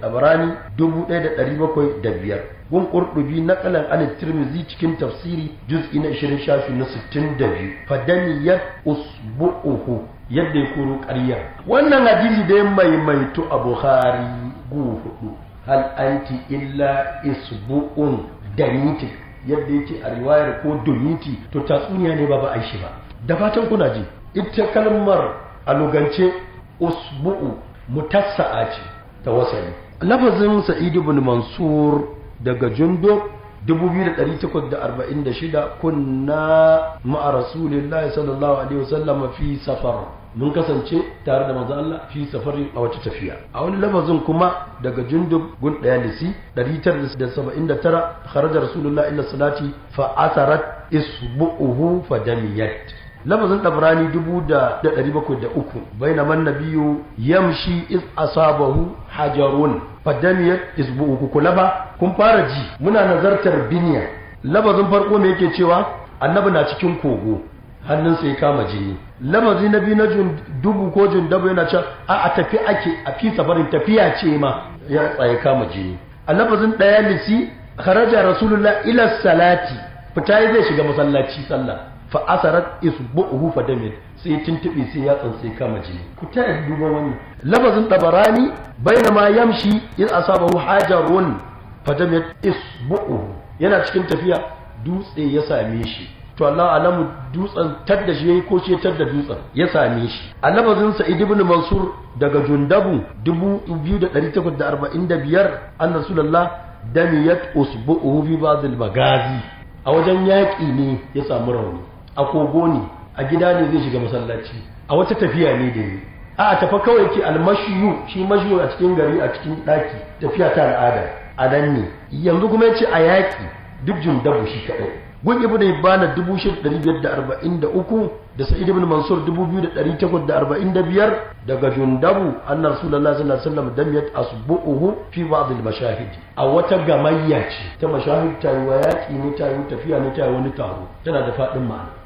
tabarani 1,705 gun ƙurɗubi na ƙalan alif tirmizi cikin tafsiri juz'i na 20 shafi na biyu. fadaniyar usbu'uhu yadda ya koro ƙarya wannan hadisi dai maimaito a buhari gu hudu hal anti illa isbu'un damiti yadda yake a riwayar ko domiti to tatsuniya ne ba ba a shi ba da fatan kuna ji ita kalmar a lugance usbu'u mutassa'a ce ta wasali lafazin sa'id ibn mansur daga jundub 2846 kunna ma'a Rasulillah sallallahu alaihi wasallam fi safar mun kasance tare da manzo Allah fi safari a wata tafiya a wani lafazin kuma daga jundub gun daya lisi 979 kharaja rasulullahi ila salati fa asarat isbu'uhu fa damiyat lafazin tabrani dubu da ɗari bakwai da uku bainaman nabiyu yamshi is asabahu hajarun fadamiyat isbu'u kula ba kun fara ji muna nazartar biniya lafazin farko mai yake cewa annabi na cikin kogo hannunsa ya kama jini lamazi na biyu na dubu ko dabu yana can. a a tafi ake a fi safarin tafiya ce ma ya tsaye kama jini a lafazin ɗaya lisi kharaja rasulullah ila salati fita zai shiga masallaci sallah fa asarat isbuhu fa damir sai tintibi sai ya tsantsai kama jini ku ta duba wani lafazin tabarani ma yamshi in asabahu hajarun fa damir isbuhu yana cikin tafiya dutse ya same shi to Allah alamu dutsen tadda shi yayi ko ce tadda dutsen ya same shi a lafazin sa'id ibn mansur daga jundabu 2845 an rasulullah damiyat usbu'uhu fi ba'd al-magazi a wajen yaƙi ne ya samu rauni a kogo ne a gida ne zai shiga masallaci a wata tafiya ne da yi a tafa kawai ke almashiyu shi mashiyu a cikin gari a cikin ɗaki tafiya ta al'ada a nan ne yanzu kuma yace a yaki duk jun-dabu shi kaɗai gun ibn ibana 6543 da sa'id ibn mansur 2845 daga jundabu annar rasulullahi sallallahu alaihi wasallam dam yat asbuhu fi ba'd al mashahid a wata gamayya ce ta mashahid ta yi yaƙi ne ta yi tafiya ne ta yi wani taro tana da faɗin ma'ana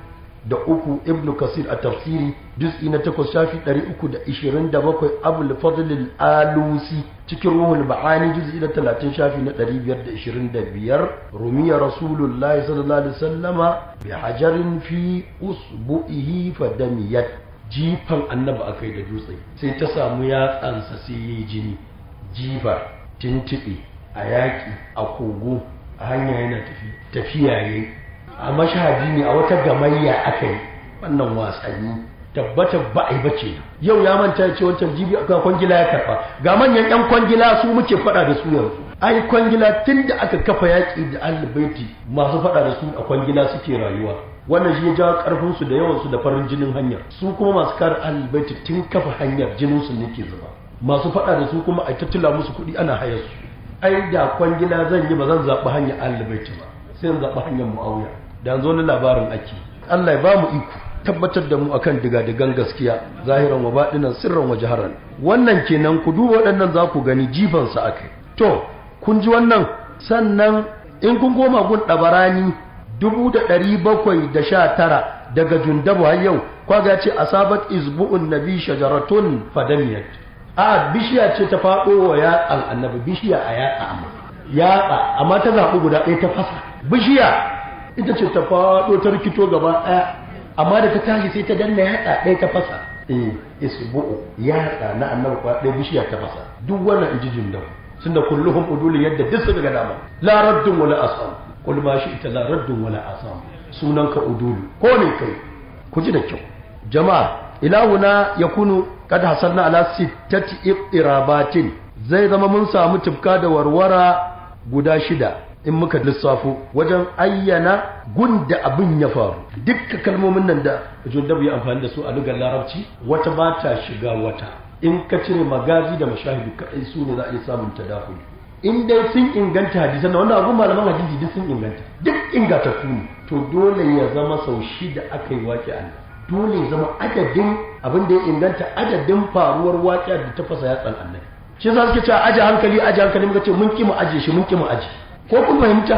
da uku ibn kasir a tafsiri juz'i na takwas shafi 327 abu fadlil alusi cikin ruhul ma'ani juz'i na 30 shafi na 525 rumiya rasulullahi sallallahu alaihi wasallama bi hajarin fi usbu'ihi fadamiyat jifan annabi akai da dutse sai ta samu yatsansa sai yi jini jifa tintibi a yaƙi a kogo a hanya yana tafi tafiya yayi a mashahadi ne a wata gamayya aka yi wannan wasanni tabbata ba a yi bace yau ya manta ya ce wancan jibi a kwangila ya karba ga manyan yan kwangila su muke faɗa da su yanzu ai kwangila tun da aka kafa yaƙi da alibaiti masu faɗa da su a kwangila suke rayuwa wannan shi ya jawo ƙarfinsu da yawansu da farin jinin hanyar su kuma masu kare alibaiti tun kafa hanyar jinin su ne ke zuba masu faɗa da su kuma a tattula musu kuɗi ana hayar su ai da kwangila zan yi ba zan zaɓi hanyar alibaiti ba sai zan zaɓi hanyar mu'awiya da zo na labarin ake Allah ya ba mu iko tabbatar da mu akan digadigan gaskiya zahiran wa baɗinan sirran wa jaharan wannan kenan ku duba waɗannan za ku gani jifansa akai to kun ji wannan sannan in kun koma gun ɗabarani dubu da ɗari bakwai da sha tara daga jundabu har yau kwaga ce asabat izbu'un nabi shajaratun fadamiyat a bishiya ce ta faɗo wa yatsan annabi bishiya a yatsa amma yatsa amma ta zaɓi guda ɗaya ta fasa bishiya ita ce ta faɗo ta rikito gaba ɗaya amma da ta tashi sai ta danna yatsa ɗaya ta fasa eh ya yatsa na annabi kwa ɗaya bishiya ta fasa duk wannan injijin da tunda kulluhum uduli yadda duk sun ga dama la raddun wala asam qul ma shi ita la raddun wala asam ka udulu ko ne kai ku ji da kyau jama'a ilahuna yakunu kad hasanna ala sittati irabatin zai zama mun samu tufka da warwara guda shida in muka lissafo wajen ayyana gunda abin ya faru dukkan kalmomin nan da jundabu ya amfani da su a lugar larabci wata ba ta shiga wata in ka cire magazi da mashahidu kaɗai su ne za a iya samun tadahuli in dai sun inganta na wanda abun malaman hadisi duk sun inganta duk ingantattu ne to dole ya zama sau shi da aka yi waƙi Allah dole ya zama adadin abin da ya inganta adadin faruwar waƙi da ta fasa yatsan annabi shi za su ce aje hankali aje hankali muka ce mun ki aje shi mun ki mu aje ko kun fahimta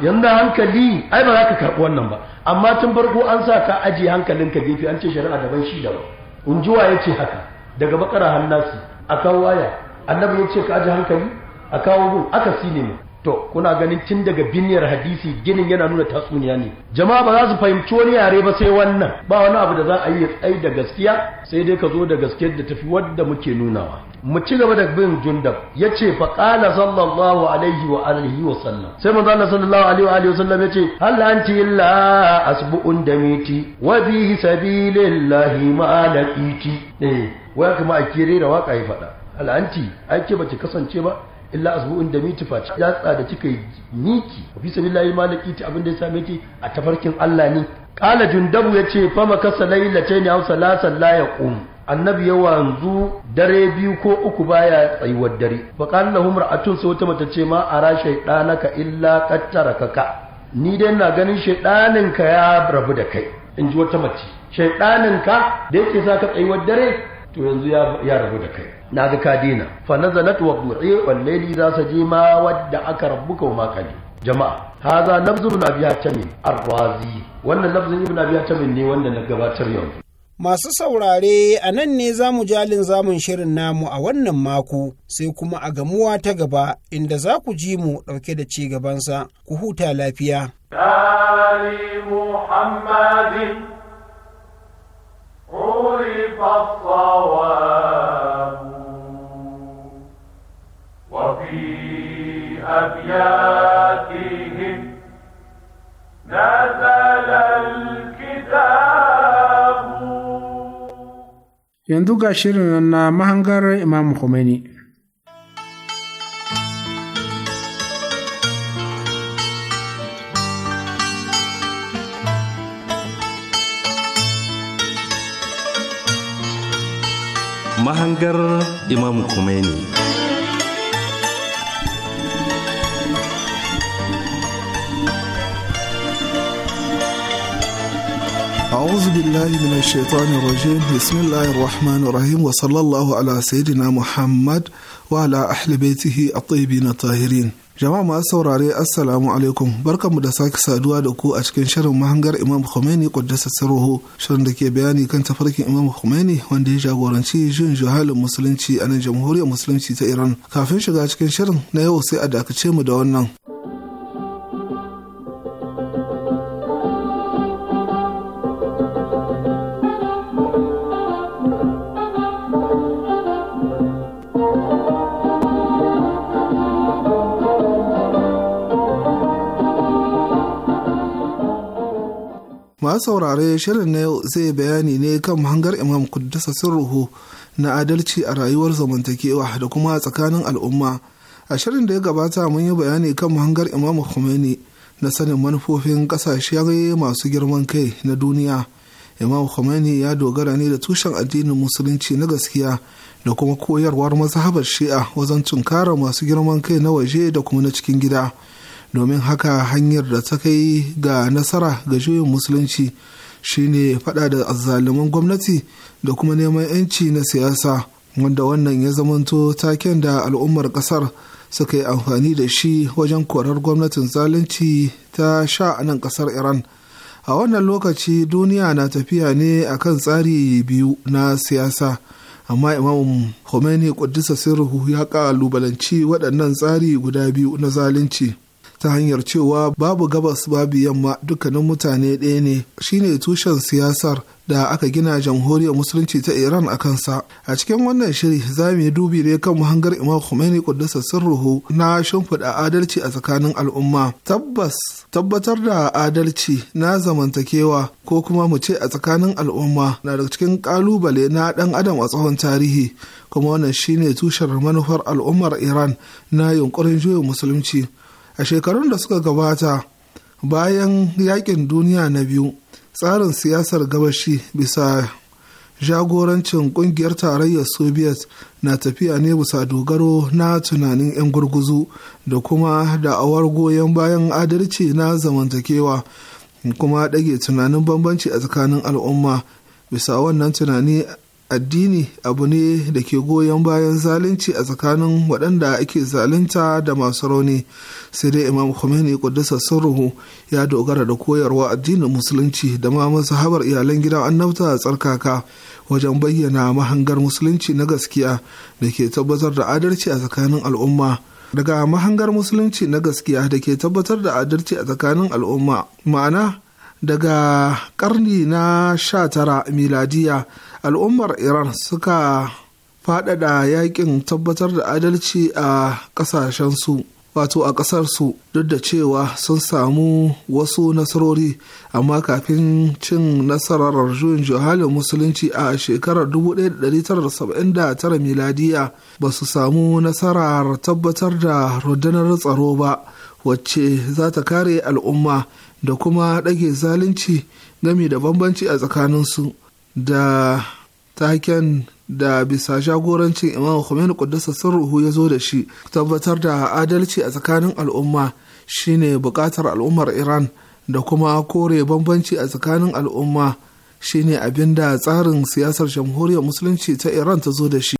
yanzu hankali ai ba za ka karɓi wannan ba amma tun farko an sa ka ajiye hankalinka gefe an ce shari'a daban shi daban unjuwa ya ce haka daga bakara hannasi a kawo waya annabi ya ce ka ajiye hankali a kawo gun aka sine mu to kuna ganin tun daga binyar hadisi ginin yana nuna tatsuniya ne jama'a ba za su fahimci wani yare ba sai wannan ba wani abu da za a yi tsai da gaskiya sai dai ka zo da gaskiyar da tafi wadda muke nunawa mu ci gaba da bin jundab yace fa qala sallallahu alaihi wa alihi wa sallam sai manzo Allah sallallahu alaihi wa alihi wa sallam yace hal anti illa asbu'un damiti wa bihi sabilillahi ma laqiti eh Waya kuma a kire da waka yi fada hal anti ai ke bace kasance ba illa asbu'un da miti face ya tsada kika yi miki fi sabilillahi maliki ta abin da ya same ki a tafarkin Allah ne qala jundabu yace fa makasa ne aw salasan la yaqum annabi ya wanzu dare biyu ko uku baya tsayuwar dare fa qala lahum ra'atun sai wata mata ce ma ara shaydanaka illa qattaraka ni dai na ganin shaiɗaninka ya rabu da kai in ji wata mace Shaiɗaninka. da yake sa ka tsayuwar dare to yanzu ya rabu da kai na ga Kadina. dina fa nazalat wa du'i wal za sa ji ma wadda aka rabu ka ma makali jama'a haza nabzu ibn abi hatim ar-razi wannan nabzu ibn abi hatim ne wanda na gabatar yau Masu saurare a nan ne za mu jalin zamun shirin namu a wannan mako sai kuma a gamuwa ta gaba inda za ku ji mu ɗauke da ci gabansa ku huta lafiya. Ali Muhammadin عرف الصواب وفي أبياتهم نزل الكتاب yanzu ga shirin na mahangar Imam Khomeini. mahangar Imam Khomeini. أعوذ بالله من الشيطان الرجيم بسم الله الرحمن الرحيم وصلى الله على سيدنا محمد وعلى أهل بيته الطيبين الطاهرين Jama'a masu saurare Assalamu alaikum barkanmu da sake saduwa da ku a cikin shirin mahangar Imam Khomeini Quddasa Sirruhu shirin da ke bayani kan tafarkin Imam Khomeini wanda ya jagoranci jin juhalin musulunci a nan jamhuriyar musulunci ta Iran. Kafin shiga cikin shirin na yau sai a dakace mu da wannan. saurare shirin na yau zai bayani ne kan hangar Imam kudusa Sirruhu na adalci a rayuwar zamantakewa da kuma tsakanin al'umma. A shirin da ya gabata mun yi bayani kan hangar Imam Khomeini na sanin manufofin kasashe masu girman kai na duniya. Imam Khomeini ya dogara ne da tushen addinin musulunci na gaskiya da kuma koyarwar mazhabar shi'a wajen tunkara masu girman kai na waje da kuma na cikin gida. domin haka hanyar da ta kai ga nasara ga juyin musulunci shine fada da azzaluman gwamnati da kuma neman 'yanci na siyasa wanda wannan ya zamanto taken da al'ummar kasar suka yi amfani da shi wajen korar gwamnatin zalunci ta sha a nan kasar iran a wannan lokaci duniya na tafiya ne akan tsari biyu na siyasa amma imam khomeini kudisa sirruhu ya kalubalanci waɗannan tsari guda biyu na zalunci ta hanyar cewa babu gabas babu yamma dukkanin mutane ɗaya ne shine tushen siyasar da aka gina jamhuriyar musulunci ta iran a kansa a cikin wannan shiri za mu yi dubi ne kan muhangar imam khomeini kudusa sirruhu na shimfiɗa adalci a tsakanin al'umma tabbas tabbatar da adalci na zamantakewa ko kuma mu ce a tsakanin al'umma na daga cikin kalubale na ɗan adam a tsohon tarihi kuma wannan shine tushen manufar al'ummar iran na yunkurin juyin musulunci a shekarun da suka gabata bayan yakin duniya na biyu tsarin siyasar gabashi bisa jagorancin kungiyar tarayyar soviet na tafiya ne bisa dogaro na tunanin 'yan gurguzu da kuma da'awar goyon bayan adalci na zamantakewa kuma dage tunanin bambanci a tsakanin al'umma bisa wannan tunani addini abu ne da ke goyon bayan zalunci a tsakanin waɗanda ake zalunta da masu rauni sai dai imam khomeini kudusa sirruhu ya dogara da koyarwa addinin musulunci da ma habar iyalan gidan annabta a tsarkaka wajen bayyana mahangar musulunci na gaskiya da ke tabbatar da adalci a tsakanin al'umma daga mahangar musulunci na gaskiya da ke tabbatar da adalci a tsakanin al'umma ma'ana daga karni na 19 miladiya al'ummar iran suka faɗaɗa yakin tabbatar da adalci a ƙasashensu wato a ƙasarsu duk da cewa sun samu wasu nasarori amma kafin cin nasarar juyin juhalin musulunci a shekarar 1979 miladiya ba su samu nasarar tabbatar da rundunar tsaro ba wacce za ta kare al'umma da kuma ɗage zalunci gami da bambanci a tsakaninsu da taken da bisa jagorancin imam Khomeini sun ruhu ya zo da shi tabbatar da adalci a tsakanin al'umma shine bukatar al'ummar iran da kuma kore bambanci a tsakanin al'umma shine abin da tsarin siyasar jamhuriyar musulunci ta iran ta zo da shi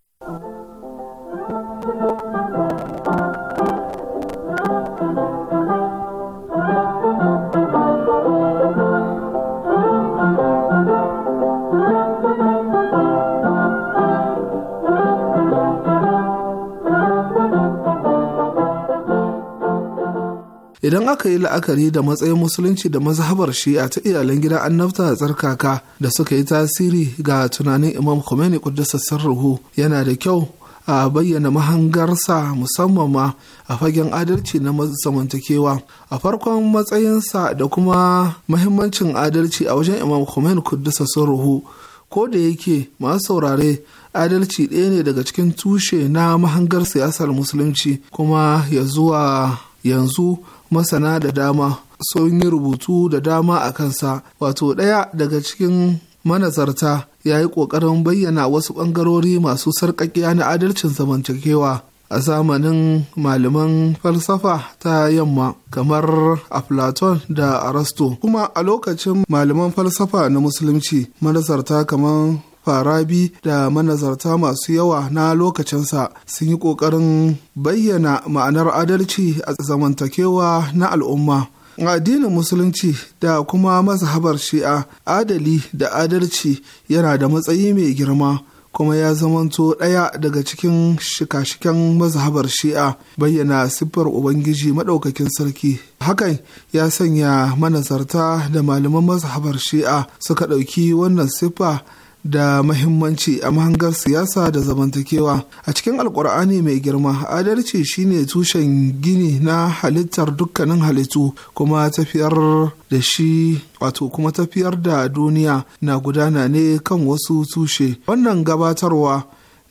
idan aka yi la'akari da matsayin musulunci da mazhabar shi'a ta iyalan gidan annabta tsarkaka da suka yi tasiri ga tunanin imam khomeini kudusa ruhu, yana da kyau a bayyana mahangarsa musamman ma a fagen adalci na zamantakewa a farkon matsayinsa da kuma mahimmancin adalci a wajen imam khomeini kudusa sirruhu ko da yake masu saurare adalci ɗaya ne daga cikin tushe na mahangar siyasar musulunci kuma ya zuwa yanzu masana da dama sun yi rubutu da dama a kansa wato ɗaya daga cikin manazarta ya yi ƙoƙarin bayyana wasu ɓangarori masu sarƙaƙiya na adalcin zamantakewa a zamanin malaman falsafa ta yamma kamar a platon da arasto kuma a lokacin malaman falsafa na musulunci manazarta kamar farabi da manazarta masu yawa na lokacinsa sun yi ƙoƙarin bayyana ma'anar adalci a zamantakewa na al'umma addinin musulunci da kuma mazhabar shi'a adali da adalci yana da matsayi mai girma kuma ya zamanto ɗaya daga cikin shika-shiken mazhabar shi'a bayyana siffar ubangiji maɗaukakin sarki hakan ya sanya manazarta da malaman mazhabar shi'a suka ɗauki wannan siffa da mahimmanci a mahangar siyasa da zamantakewa a cikin alkur'ani mai girma adalci shine tushen gini na halittar dukkanin halittu kuma tafiyar da shi wato kuma tafiyar da duniya na gudana ne kan wasu tushe wannan gabatarwa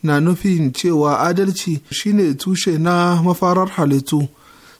na nufin cewa adalci shine tushe na mafarar halittu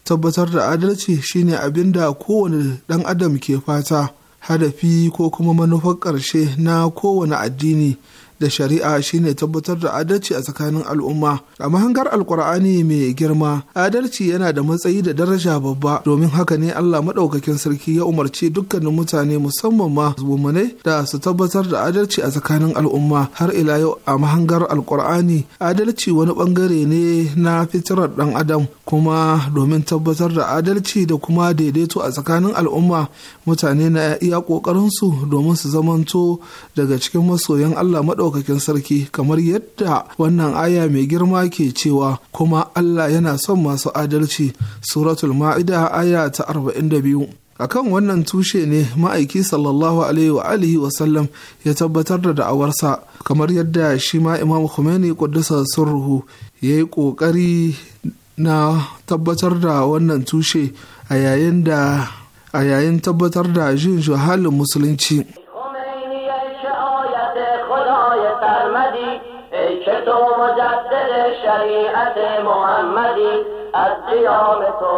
tabbatar da adalci shine abin da kowane ɗan adam ke fata hadafi ko kuma manufar ƙarshe na kowane addini da shari'a shine tabbatar da adalci a tsakanin al'umma a mahangar alkur'ani mai girma adalci yana da matsayi da daraja babba domin haka ne allah maɗaukakin sarki ya umarci dukkanin mutane musamman ma zumunai da su tabbatar da adalci a tsakanin al'umma har ila yau a mahangar alkur'ani adalci wani bangare ne na fitirar ɗan adam kuma domin tabbatar da adalci da kuma daidaito a tsakanin al'umma mutane na iya ƙoƙarinsu domin su zamanto daga cikin masoyan allah maɗaukakin ɗaukakin sarki kamar yadda wannan aya mai girma ke cewa kuma Allah yana son masu adalci suratul ma'ida aya ta 42 kan wannan tushe ne ma'aiki sallallahu alaihi wa alihi wa sallam ya tabbatar da da'awarsa kamar yadda shi ma imam Khomeini kuddasa surruhu ya yi ƙoƙari na tabbatar da wannan tushe a yayin tabbatar da jin halin musulunci که تو مجدد شریعت محمدی از قیام تو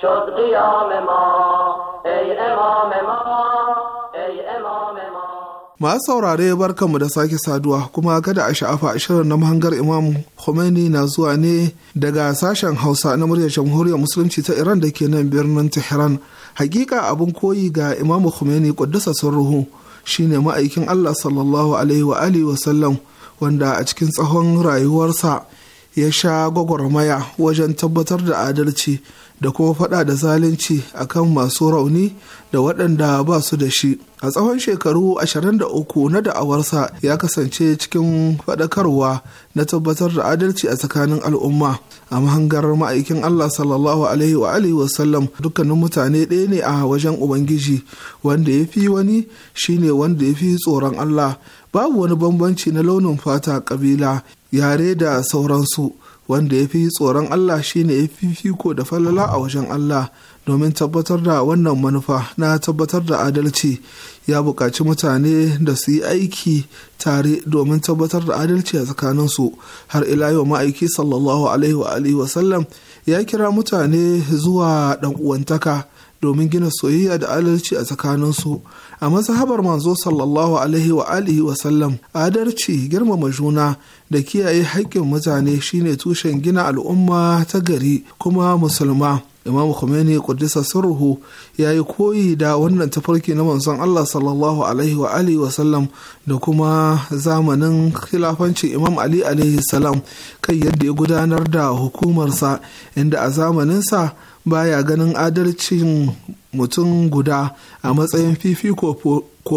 شد قیام ما ای امام ما masu saurare barkanmu da sake saduwa kuma kada a sha'afa shirin na mahangar imam Khomeini na zuwa ne daga sashen hausa na muryar jamhuriyar musulunci ta iran da ke nan birnin tehran hakika abin koyi ga imam Khomeini kudusa sun ruhu shine ma'aikin allah sallallahu alaihi wa alihi wa sallam wanda a cikin tsawon rayuwarsa ya sha gwagwarmaya wajen tabbatar da adalci da kuma faɗa da zalunci a kan masu rauni da waɗanda ba su da shi a tsawon shekaru 23 na da'awarsa ya kasance cikin faɗakarwa na tabbatar da adalci a tsakanin al'umma a mahangar ma'aikin Allah sallallahu alaihi wa alihi wasallam dukkanin mutane ɗaya ne a wajen ubangiji wanda ya fi wani shine wanda ya fi tsoron Allah babu wani bambanci na launin fata kabila yare da sauransu wanda ya fi tsoron Allah shine ya fi fiko da falala a wajen Allah domin tabbatar da wannan manufa na tabbatar da adalci ya buƙaci mutane da su yi aiki tare domin tabbatar da adalci a tsakaninsu har ila yau ma'aiki sallallahu alaihi wa alihi ya kira mutane zuwa ɗan'uwantaka domin gina soyayya da adalci a tsakaninsu a mazhabar manzo sallallahu alaihi wa alihi wa sallam adalci girmama juna da kiyaye haƙƙin mutane shine tushen gina al'umma ta gari kuma musulma Imam khomeini kudisa sirruhu ya yi koyi da wannan tafarki na manzon allah sallallahu alaihi wa alihi wa sallam da kuma zamanin khilafancin imam ali alaihi salam kan yadda ya gudanar da hukumarsa inda a zamaninsa baya ganin adalcin mutum guda a matsayin fifi ko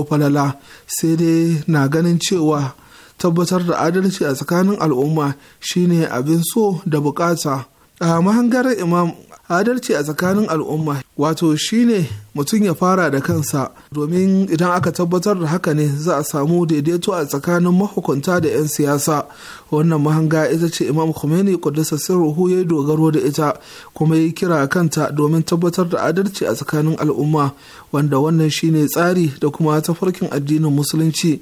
falala sai dai na ganin cewa tabbatar da adalci a tsakanin al'umma shine abin so da bukata a mahangar imam adalci a tsakanin al'umma wato shine mutum ya fara da kansa domin idan aka tabbatar da haka ne za a samu daidaito a tsakanin mahukunta da 'yan siyasa wannan mahanga ita ce imam khomeini kudusa sirruhu ya dogaro da ita kuma ya kira kanta domin tabbatar da adalci a tsakanin al'umma wanda wannan shine tsari da kuma tafarkin addinin musulunci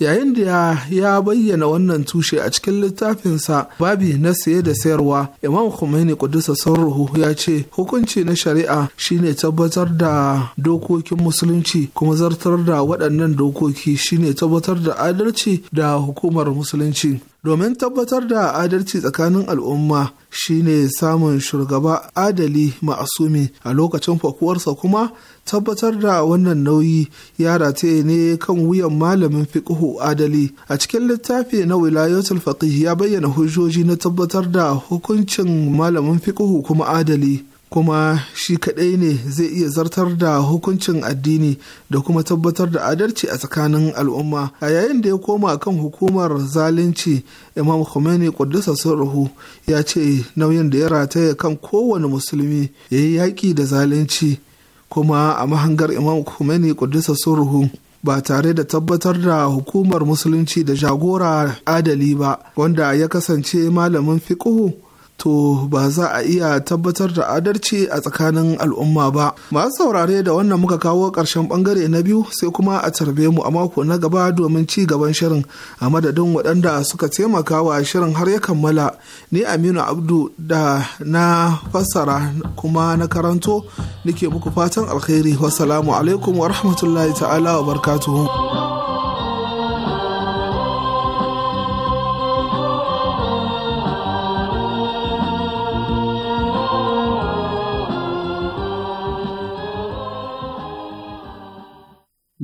yayin da ya bayyana wannan tushe a cikin littafinsa babi na saye da sayarwa imam khomeini kudusa sarruhu ya ce hukunci na shari'a shine tabbatar da dokokin musulunci kuma zartar da waɗannan dokoki shine tabbatar da adalci da hukumar musulunci domin tabbatar da adalci tsakanin al'umma shine samun shugaba adali ma'asumi a lokacin fakuwarsa kuma tabbatar da wannan nauyi ya rataye ne kan wuyan malamin fiqhu adali a cikin littafi na wilayatul faqih ya bayyana hujjoji na tabbatar da hukuncin malamin fiqhu kuma adali kuma shi kaɗai ne zai iya zartar da hukuncin addini da kuma tabbatar da adalci a tsakanin al'umma a yayin da ya koma kan hukumar zalunci imam khomeini kudusa ruhu ya ce nauyin da ya rataya kan kowane musulmi ya yi yaƙi da zalunci kuma a mahangar imam Khomeini kudisa surhu ba tare da tabbatar da hukumar musulunci da jagora adali ba wanda ya kasance malamin fiƙuhu to ba za a iya tabbatar da adalci a tsakanin al'umma ba. Masu saurare da wannan muka kawo ƙarshen ɓangare na biyu sai kuma a tarbe mu a mako na gaba domin ci gaban shirin a madadin waɗanda suka taimaka wa shirin har ya kammala ni Aminu Abdu da na fassara kuma na karanto nake muku fatan alkhairi wassalamu alaikum wa rahmatullahi ta'ala wa barkatuhu.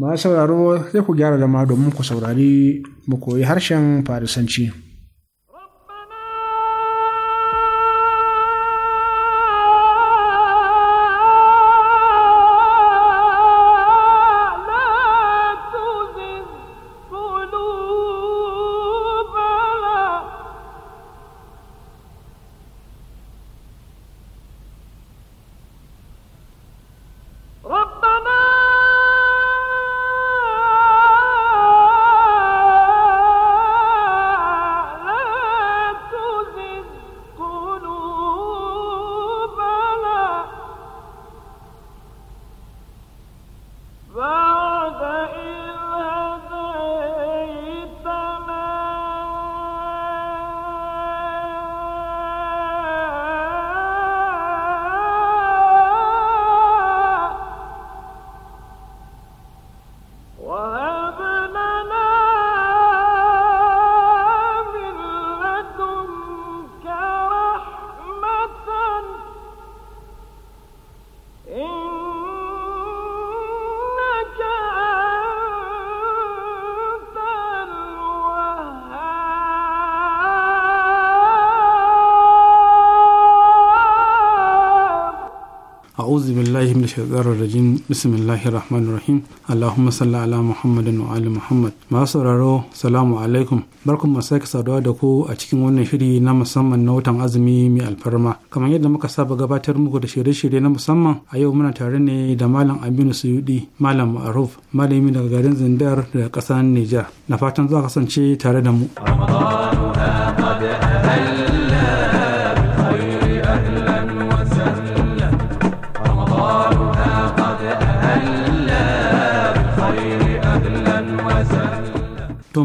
ma sauraro sai ku gyara zama domin ku saurari mu koyi harshen farisanci. billahi min shaitanir rajim bismillahir rahmanir rahim allahumma salli ala muhammadin wa ali muhammad masu sauraro salamu alaikum barkum mu sake saduwa da ku a cikin wannan shiri na musamman na watan azumi mai alfarma kamar yadda muka saba gabatar muku da shirye-shirye na musamman a yau muna tare ne da malam aminu suyudi malam ma'aruf malami daga garin zindar da kasar niger na fatan za kasance tare da mu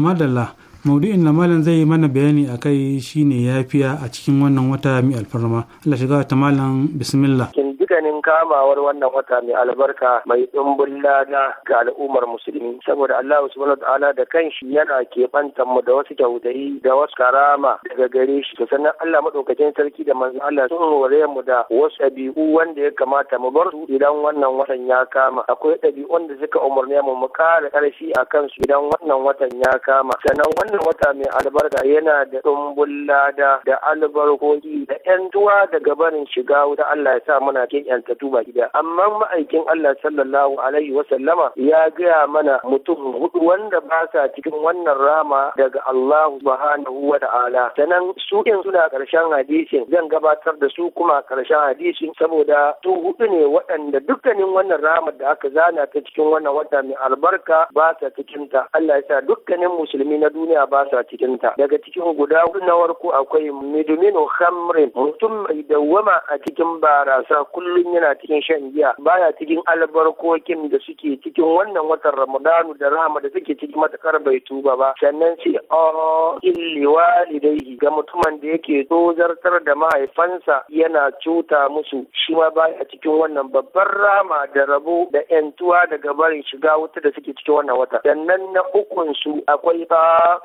to madalla maudu'in da malam zai yi mana bayani a kai shine yafiya a cikin wannan wata mi alfarma Allah shiga ta malam bismillah hakikanin kamawar wannan wata mai albarka mai ɗumbin lada ga al'ummar musulmi saboda Allah subhanahu wa ta'ala da kanshi yana keɓantar mu da wasu kyautai da wasu karama daga gare shi to sannan Allah madaukakin sarki da manzon Allah sun hore mu da wasu ɗabi'u wanda ya kamata mu bar su idan wannan watan ya kama akwai ɗabi'un da suka umarne mu mu kare karfi a kansu idan wannan watan ya kama sannan wannan wata mai albarka yana da ɗumbin lada da albarkoki da ƴan tuwa daga barin shiga wuta Allah ya sa muna ke cikin yankatu ba gida amma ma'aikin Allah sallallahu alaihi wa sallama ya gaya mana mutum hudu wanda ba sa cikin wannan rama daga Allah subhanahu wa ta'ala sanan su in suna karshen hadisin zan gabatar da su kuma karshen hadisin saboda su hudu ne waɗanda dukkanin wannan ramar da aka zana ta cikin wannan wata mai albarka ba sa cikin ta Allah ya sa dukkanin musulmi na duniya ba sa cikin ta daga cikin guda hudu na warko akwai midminu khamrin mutum mai dawwama a cikin barasa kullum kullum yana cikin shan giya baya cikin albarkokin da suke cikin wannan watan ramadanu da rahama da suke ciki matakar bai tuba ba sannan ce o oh, illi walidaihi ga mutumin da yake tozartar da mahaifansa yana cuta musu shi ma baya cikin wannan babbar rama da rabo da yantuwa daga barin shiga wuta da suke cikin wannan wata sannan na ukun su akwai ba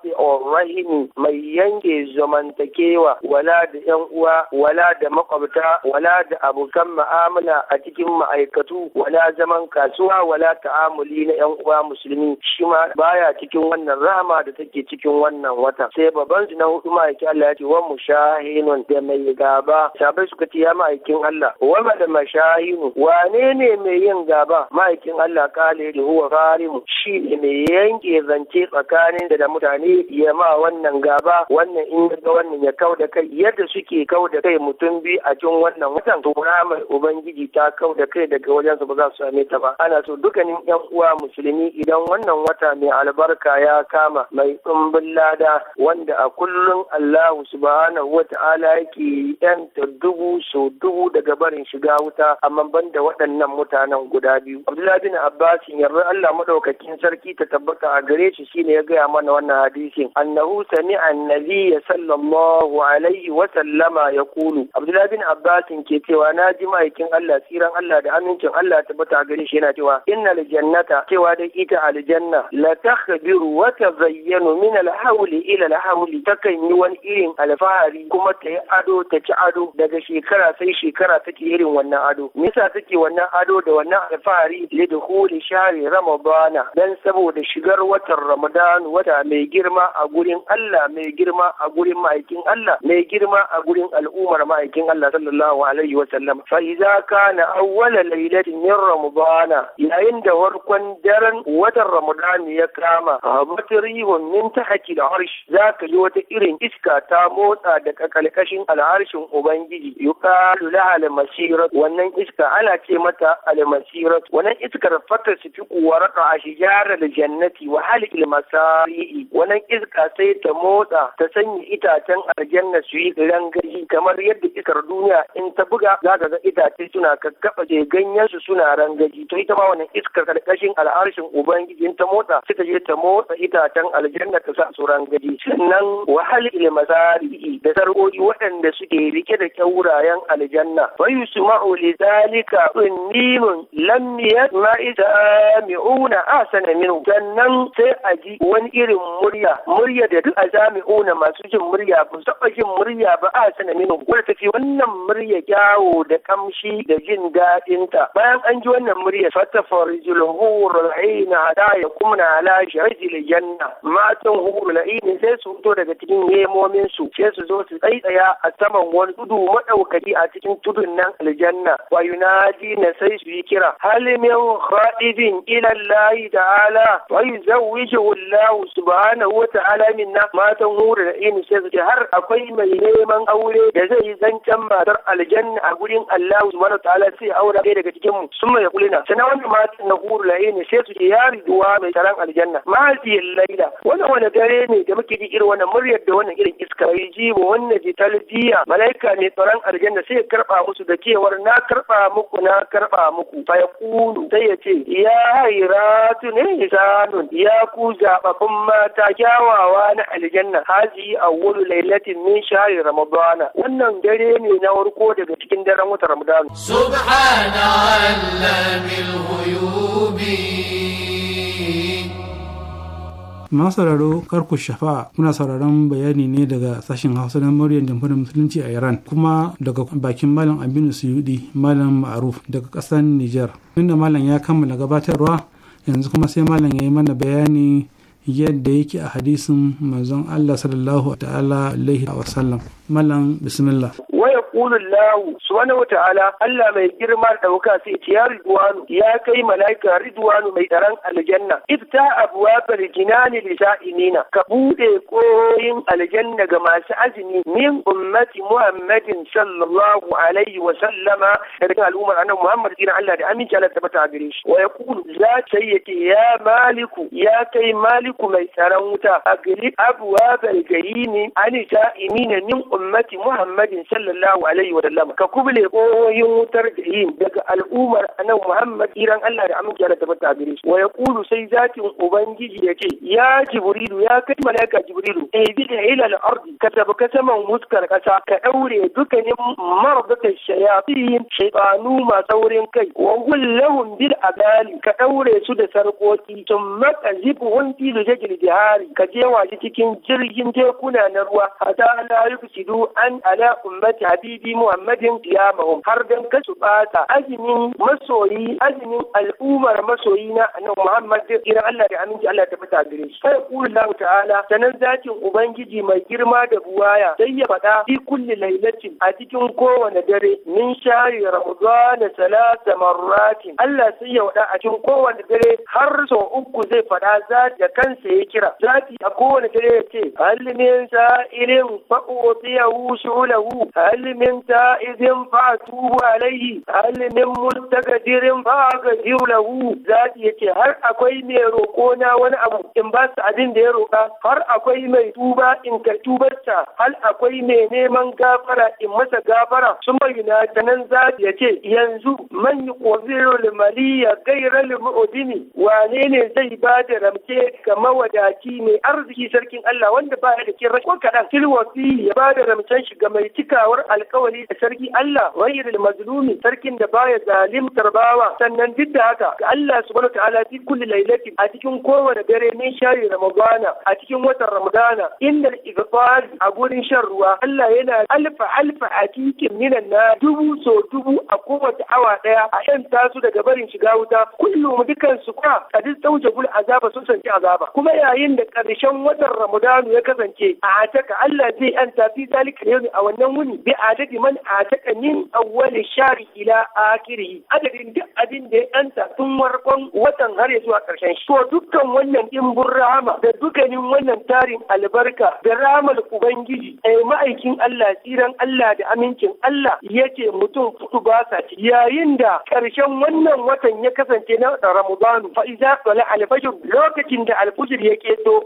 rahimi mai yanke zamantakewa wala da yan uwa wala da makwabta wala da abokan ma'a mu'amala a cikin ma'aikatu wala zaman kasuwa wala ta'amuli na yan uwa musulmi shi ma baya cikin wannan rama da take cikin wannan wata sai babban na hudu ma'aikin Allah ya ce wa mushahinun da mai gaba sabai suka ce ya ma'aikin Allah wa da mashahinu wane ne mai yin gaba ma'aikin Allah kale da huwa farimu shi ne mai yanke zance tsakanin da mutane ya ma wannan gaba wannan in ga wannan ya kau da kai yadda suke kau da kai mutum biyu a cikin wannan watan to na mai ubangiji ta kau da kai daga wajensa ba za su same ta ba ana so dukkanin yan uwa musulmi idan wannan wata mai albarka ya kama mai ɗumbin lada wanda a kullum Allahu subhanahu wa ta'ala yake ta dubu so dubu daga barin shiga wuta amma ban da waɗannan mutanen guda biyu Abdullahi bin Abbas yarda Allah madaukakin sarki ta tabbata a gare shi shine ya gaya mana wannan hadisin annahu sami'a annabi sallallahu alaihi wa sallama yaqulu Abdullahi bin Abbas ke cewa na ji mai ma'aikin Allah tsiran Allah da amincin Allah tabbata gare shi yana cewa innal jannata cewa da ita aljanna la takhbiru wa tazayyanu min al ila al takan yi wani irin alfahari kuma ta yi ado ta ci ado daga shekara sai shekara take irin wannan ado Misa take wannan ado da wannan alfahari lidkhuli shahri ramadana dan saboda shigar watan ramadan wata mai girma a gurin Allah mai girma a gurin ma'aikin Allah mai girma a gurin al'ummar ma'aikin Allah sallallahu alaihi wa sallam fa idza kana awwala lailatin min ramadana yayin da farkon daren watan ramadana ya kama habat rihun min tahti al-arsh zaka yi wata irin iska ta motsa da kalkashin al'arshin ubangiji yuqalu laha al-masirat wannan iska ana ce mata al-masirat wannan iskar fatar su fi warqa ashjar al-jannati wa halik al-masari wannan iska sai ta motsa ta sanya itacen aljanna su yi rangaji kamar yadda iskar duniya in ta buga zaka ga itacen sai suna kakkaɓe ganyen su suna rangaji to ita ma wannan iskar karkashin al'arshin ubangiji ta motsa suka je ta motsa itacen aljanna ta sa su rangaji sannan wahal il masari'i da sarƙoƙi waɗanda suke rike da kyaurayen aljanna wa yusma'u li zalika unnimun lam mi'una asana minhu sannan sai a ji wani irin murya murya da duk azami'una jami'una masu jin murya ba su taɓa jin murya ba asana minhu wanda tafi wannan murya kyawo da kamshi shi da jin daɗinta. Bayan an ji wannan murya fatafar julhurul aina da ya kumna ala shirajil janna matan hurul aini sai su fito daga cikin nemomin su sai su zo su tsaitsaya a saman wani tudu madaukaki a cikin tudun nan aljanna wa yunadi na sai su yi kira hal min khadibin ila Allah ta'ala wa yuzawwiju Allah subhanahu wa ta'ala minna matan hurul aini sai su ce har akwai mai neman aure da zai yi zancen matar aljanna a gurin Allah Allah subhanahu wataala sai aura ɗaya daga cikin mu sun mai kulina sana wannan matan na huru la'i ne sai su ce yari duwa mai tsaron aljanna mahajiyar laila wannan wani dare ne da muke ji irin wannan muryar da wannan irin iska mai jibo wannan talbiya malaika mai tsaron aljanna sai ya karba musu da cewar na karba muku na karba muku fa ta sai ya ce ya hayratu ne zanun ya ku zababbun mata kyawawa na aljanna haji awwalu lailatin min shahri ramadana wannan dare ne na warko daga cikin daren wata ramadana الإسلام سبحان علام الغيوب masararo karku shafa muna sauraron bayani ne daga sashen hausa na muryar jamhuriyar musulunci a iran kuma daga bakin malam aminu suyudi malam ma'aruf daga kasar niger inda malam ya kammala gabatarwa yanzu kuma sai malam ya yi mana bayani yadda yake a hadisin manzon Allah sallallahu ta'ala alaihi wa sallam malam bismillah wa yaqulu Allah subhanahu wa ta'ala Allah mai girma da dauka sai ce ya ridwanu ya kai malaika ridwanu mai tsaron aljanna ibta abwabal jinani lisa'inina ka bude koyin aljanna ga masu azumi min ummati muhammadin sallallahu alaihi wa sallama daga al'ummar annabi Muhammad kina Allah da aminci Allah tabbata a gare shi wa yaqulu za ta yake ya maliku ya kai maliku ku mai tsaron wuta a gari abuwa balgari ne ani da'imi ne min ummati Muhammadu sallallahu alaihi wa sallam ka kubule kohoyin wutar jahim daga al'ummar anan muhammad iran allah da amince da tabbata gare shi wa yaqulu sai zatin ubangiji yace ya jibrilu ya kai malaika jibrilu eh bi da ilal ardi ka tabu ka saman wuskar kasa ka ɗaure dukkanin mardata shayatin shaytanu masaurin kai wa gullahum bil adali ka ɗaure su da sarkoki tun makazibuhum fil shakil jihari ka je shi cikin jirgin tekuna na ruwa hatta la yufsidu an ala ummati habibi muhammadin qiyamahum har dan kasu bata azumin masoyi azumin al'ummar masoyi na annabi muhammad idan Allah da aminci Allah ta fita gare shi sai kullu ta'ala sanan zakin ubangiji mai girma da buwaya sai ya faɗa fi kulli lailatin a cikin kowane dare min shari ramadan salasa marratin Allah sai ya faɗa a cikin kowane dare har sau uku zai faɗa za da kan kansa ya kira zaki a kowane dare ya ce hal min sa'irin fa utiyahu shulahu halimin min izin fa tubu alaihi hal min multaqadirin fa gadir lahu zaki ya ce har akwai mai roƙo na wani abu in ba su abin da ya roƙa har akwai mai tuba in ka ta Har akwai mai neman gafara in masa gafara su mai na nan zaki ya ce yanzu man yuqdiru al maliya ghayra al wane ne zai ba da ramke kamar mawadaci ne arziki sarkin Allah wanda ba da kin rashin kaɗan tilwasi ya ba da ramcen shi ga mai cikawar alkawari da sarki Allah ghairil mazlumi sarkin da baya zalimtar bawa sannan duk da haka ga Allah subhanahu ta'ala fi kulli lailatin a cikin kowane dare ne shari ramadana a cikin watan ramadana inda ighfar a gurin shan ruwa Allah yana alfa alfa a cikin minan na dubu so dubu a kowace awa daya a yan tasu daga barin shiga wuta kullum dukansu kwa kadin tsauje gul azaba sun sanci azaba kuma yayin da ƙarshen watan Ramadanu ya kasance a haka. Allah zai an tafi zalika yau a wannan wuni bi adadi man ataka min awwali shari ila akhirih adadin duk abin da ya anta tun warkon watan har ya zuwa ƙarshen shi to dukkan wannan dimbin rahama da dukkanin wannan tarin albarka da ramal ubangiji ai ma'aikin Allah tsiran Allah da amincin Allah yace mutum fudu ba sa ci yayin da ƙarshen wannan watan ya kasance na Ramadanu fa iza qala al-fajr lokacin da kujir ya keto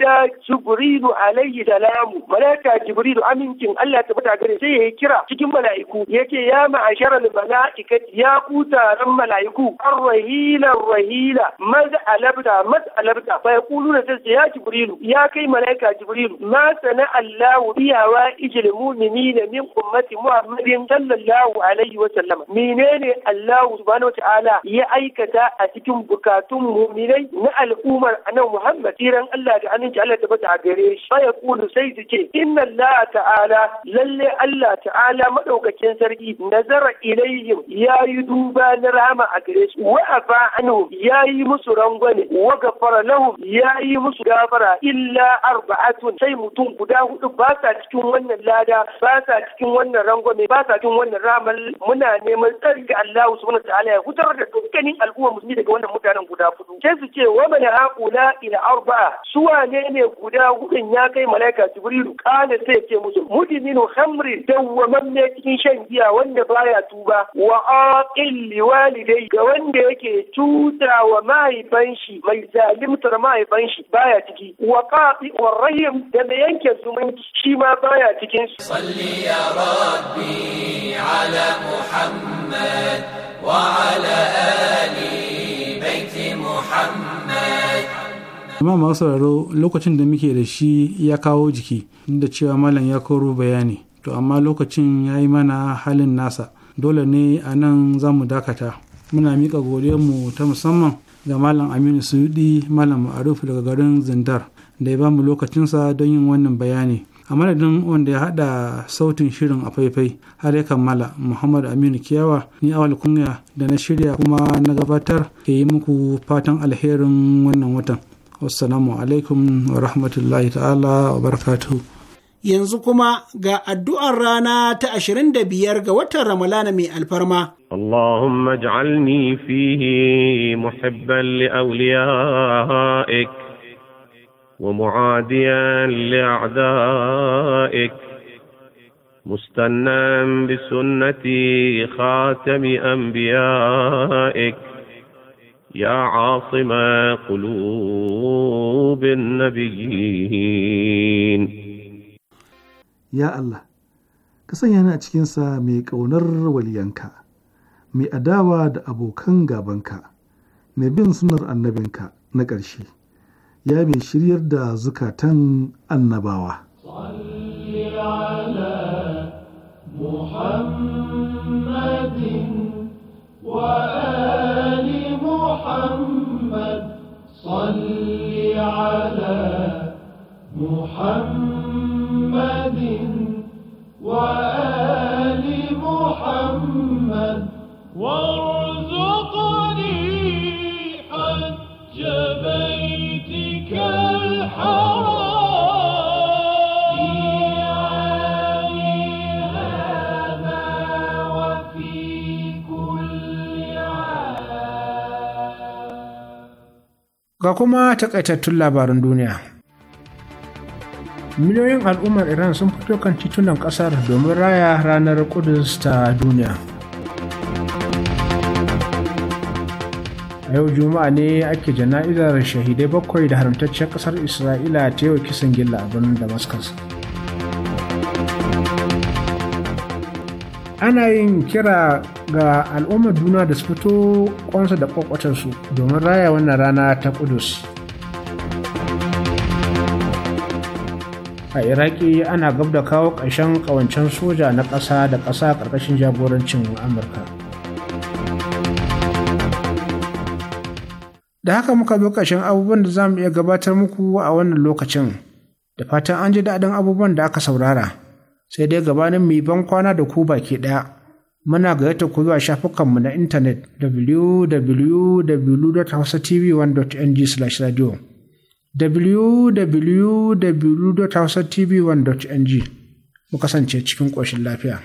da jibrilu alayhi salamu malaika jibrilu amincin Allah ta fita gare sai yayi kira cikin mala'iku yake ya ma'ashara al-mala'ika ya ku ran mala'iku arrahila rahila maz alabda maz alabda fa yaquluna sai ya jibrilu ya kai malaika jibrilu ma sana Allah biyawa ijil mu'minina min ummati muhammadin sallallahu alaihi wa sallam menene Allah subhanahu wa ta'ala ya aikata a cikin bukatun mu'minai na al'ummar annabi Muhammad tsiran Allah da aminci Allah ta bata a gare shi fa yaqulu sai ce inna Allah ta'ala lalle Allah ta'ala madaukakin sarki nazara ilaihim yayi duba na rama a gare su wa afa anhu yayi musu rangwane wa gafara lahum yayi musu gafara illa arba'atun sai mutum guda hudu ba sa cikin wannan lada ba sa cikin wannan rangwame ba sa cikin wannan ramal muna neman tsarki ga Allah subhanahu wa ta'ala ya hutar da dukkanin al'umma musulmi daga wannan mutanen guda hudu sai su ce wa man haqula ila arba'a suwane ne guda wurin ya kai malaika jibrilu kana sai ce musu mudminu khamri dawwamamme cikin shan giya wanda baya tuba wa aqil liwalidai ga wanda yake cuta wa mahaifan shi mai zalimtar mahaifan shi baya ciki wa qati wa rahim da mai yanke zumunci shi ma baya cikin su salli ya rabbi ala muhammad wa ala ali baiti muhammad amma masu sauraro lokacin da muke da shi ya kawo jiki da cewa malam ya koro bayani to amma lokacin ya yi mana halin nasa dole ne a nan za mu dakata muna miƙa mu ta musamman ga malam aminu suyudi malam ma'aruf daga garin zindar da ya ba mu lokacinsa don yin wannan bayani a madadin wanda ya hada sautin shirin a faifai har ya kammala muhammad aminu kiyawa ni awal kunya da na shirya kuma na gabatar ke yi muku fatan alherin wannan watan wassalamu alaikum wa rahmatullahi ta'ala wa barakatuhu yanzu kuma ga addu'ar rana ta ashirin da biyar ga watan Ramalana mai alfarma. Allahumma ij'alni fihi muhibban li awliya'ik wa mu'adiyan li a'da'ik mustannan bi sunnati khatami anbiya'ik يا عاصم قلوب النبيين Ya Allah! ka sanya a cikinsa mai ƙaunar waliyanka mai adawa da abokan gabanka mai bin sunar annabinka na ƙarshe ya mai shiryar da zukatan annabawa محمد صل على محمد وآل محمد Ga kuma takaitattun labarin duniya. Miliyoyin al'ummar Iran sun fito kan titunan ƙasar domin raya ranar Kudus ta duniya. A yau Juma'a ne ake jana'izar shahidai bakwai da haramtacciyar ƙasar Isra'ila ta yau kisan gilla a birnin Damascus. ana yin kira ga al'ummar duniya da su fito kwansa da kwakwatansu domin raya wannan rana ta kudus a iraki ana gab da kawo ƙarshen ƙawancen soja na ƙasa da ƙasa ƙarƙashin jagorancin amurka da haka muka bi ƙarshen abubuwan da za mu iya gabatar muku a wannan lokacin da fatan an ji daɗin abubuwan da aka saurara. sai dai gabanin mu ban kwana da ku baki ɗaya muna gayyata ku zuwa shafukanmu na intanet www.hausatv1.ng/radio www.hausatv1.ng mu kasance cikin ƙoshin lafiya.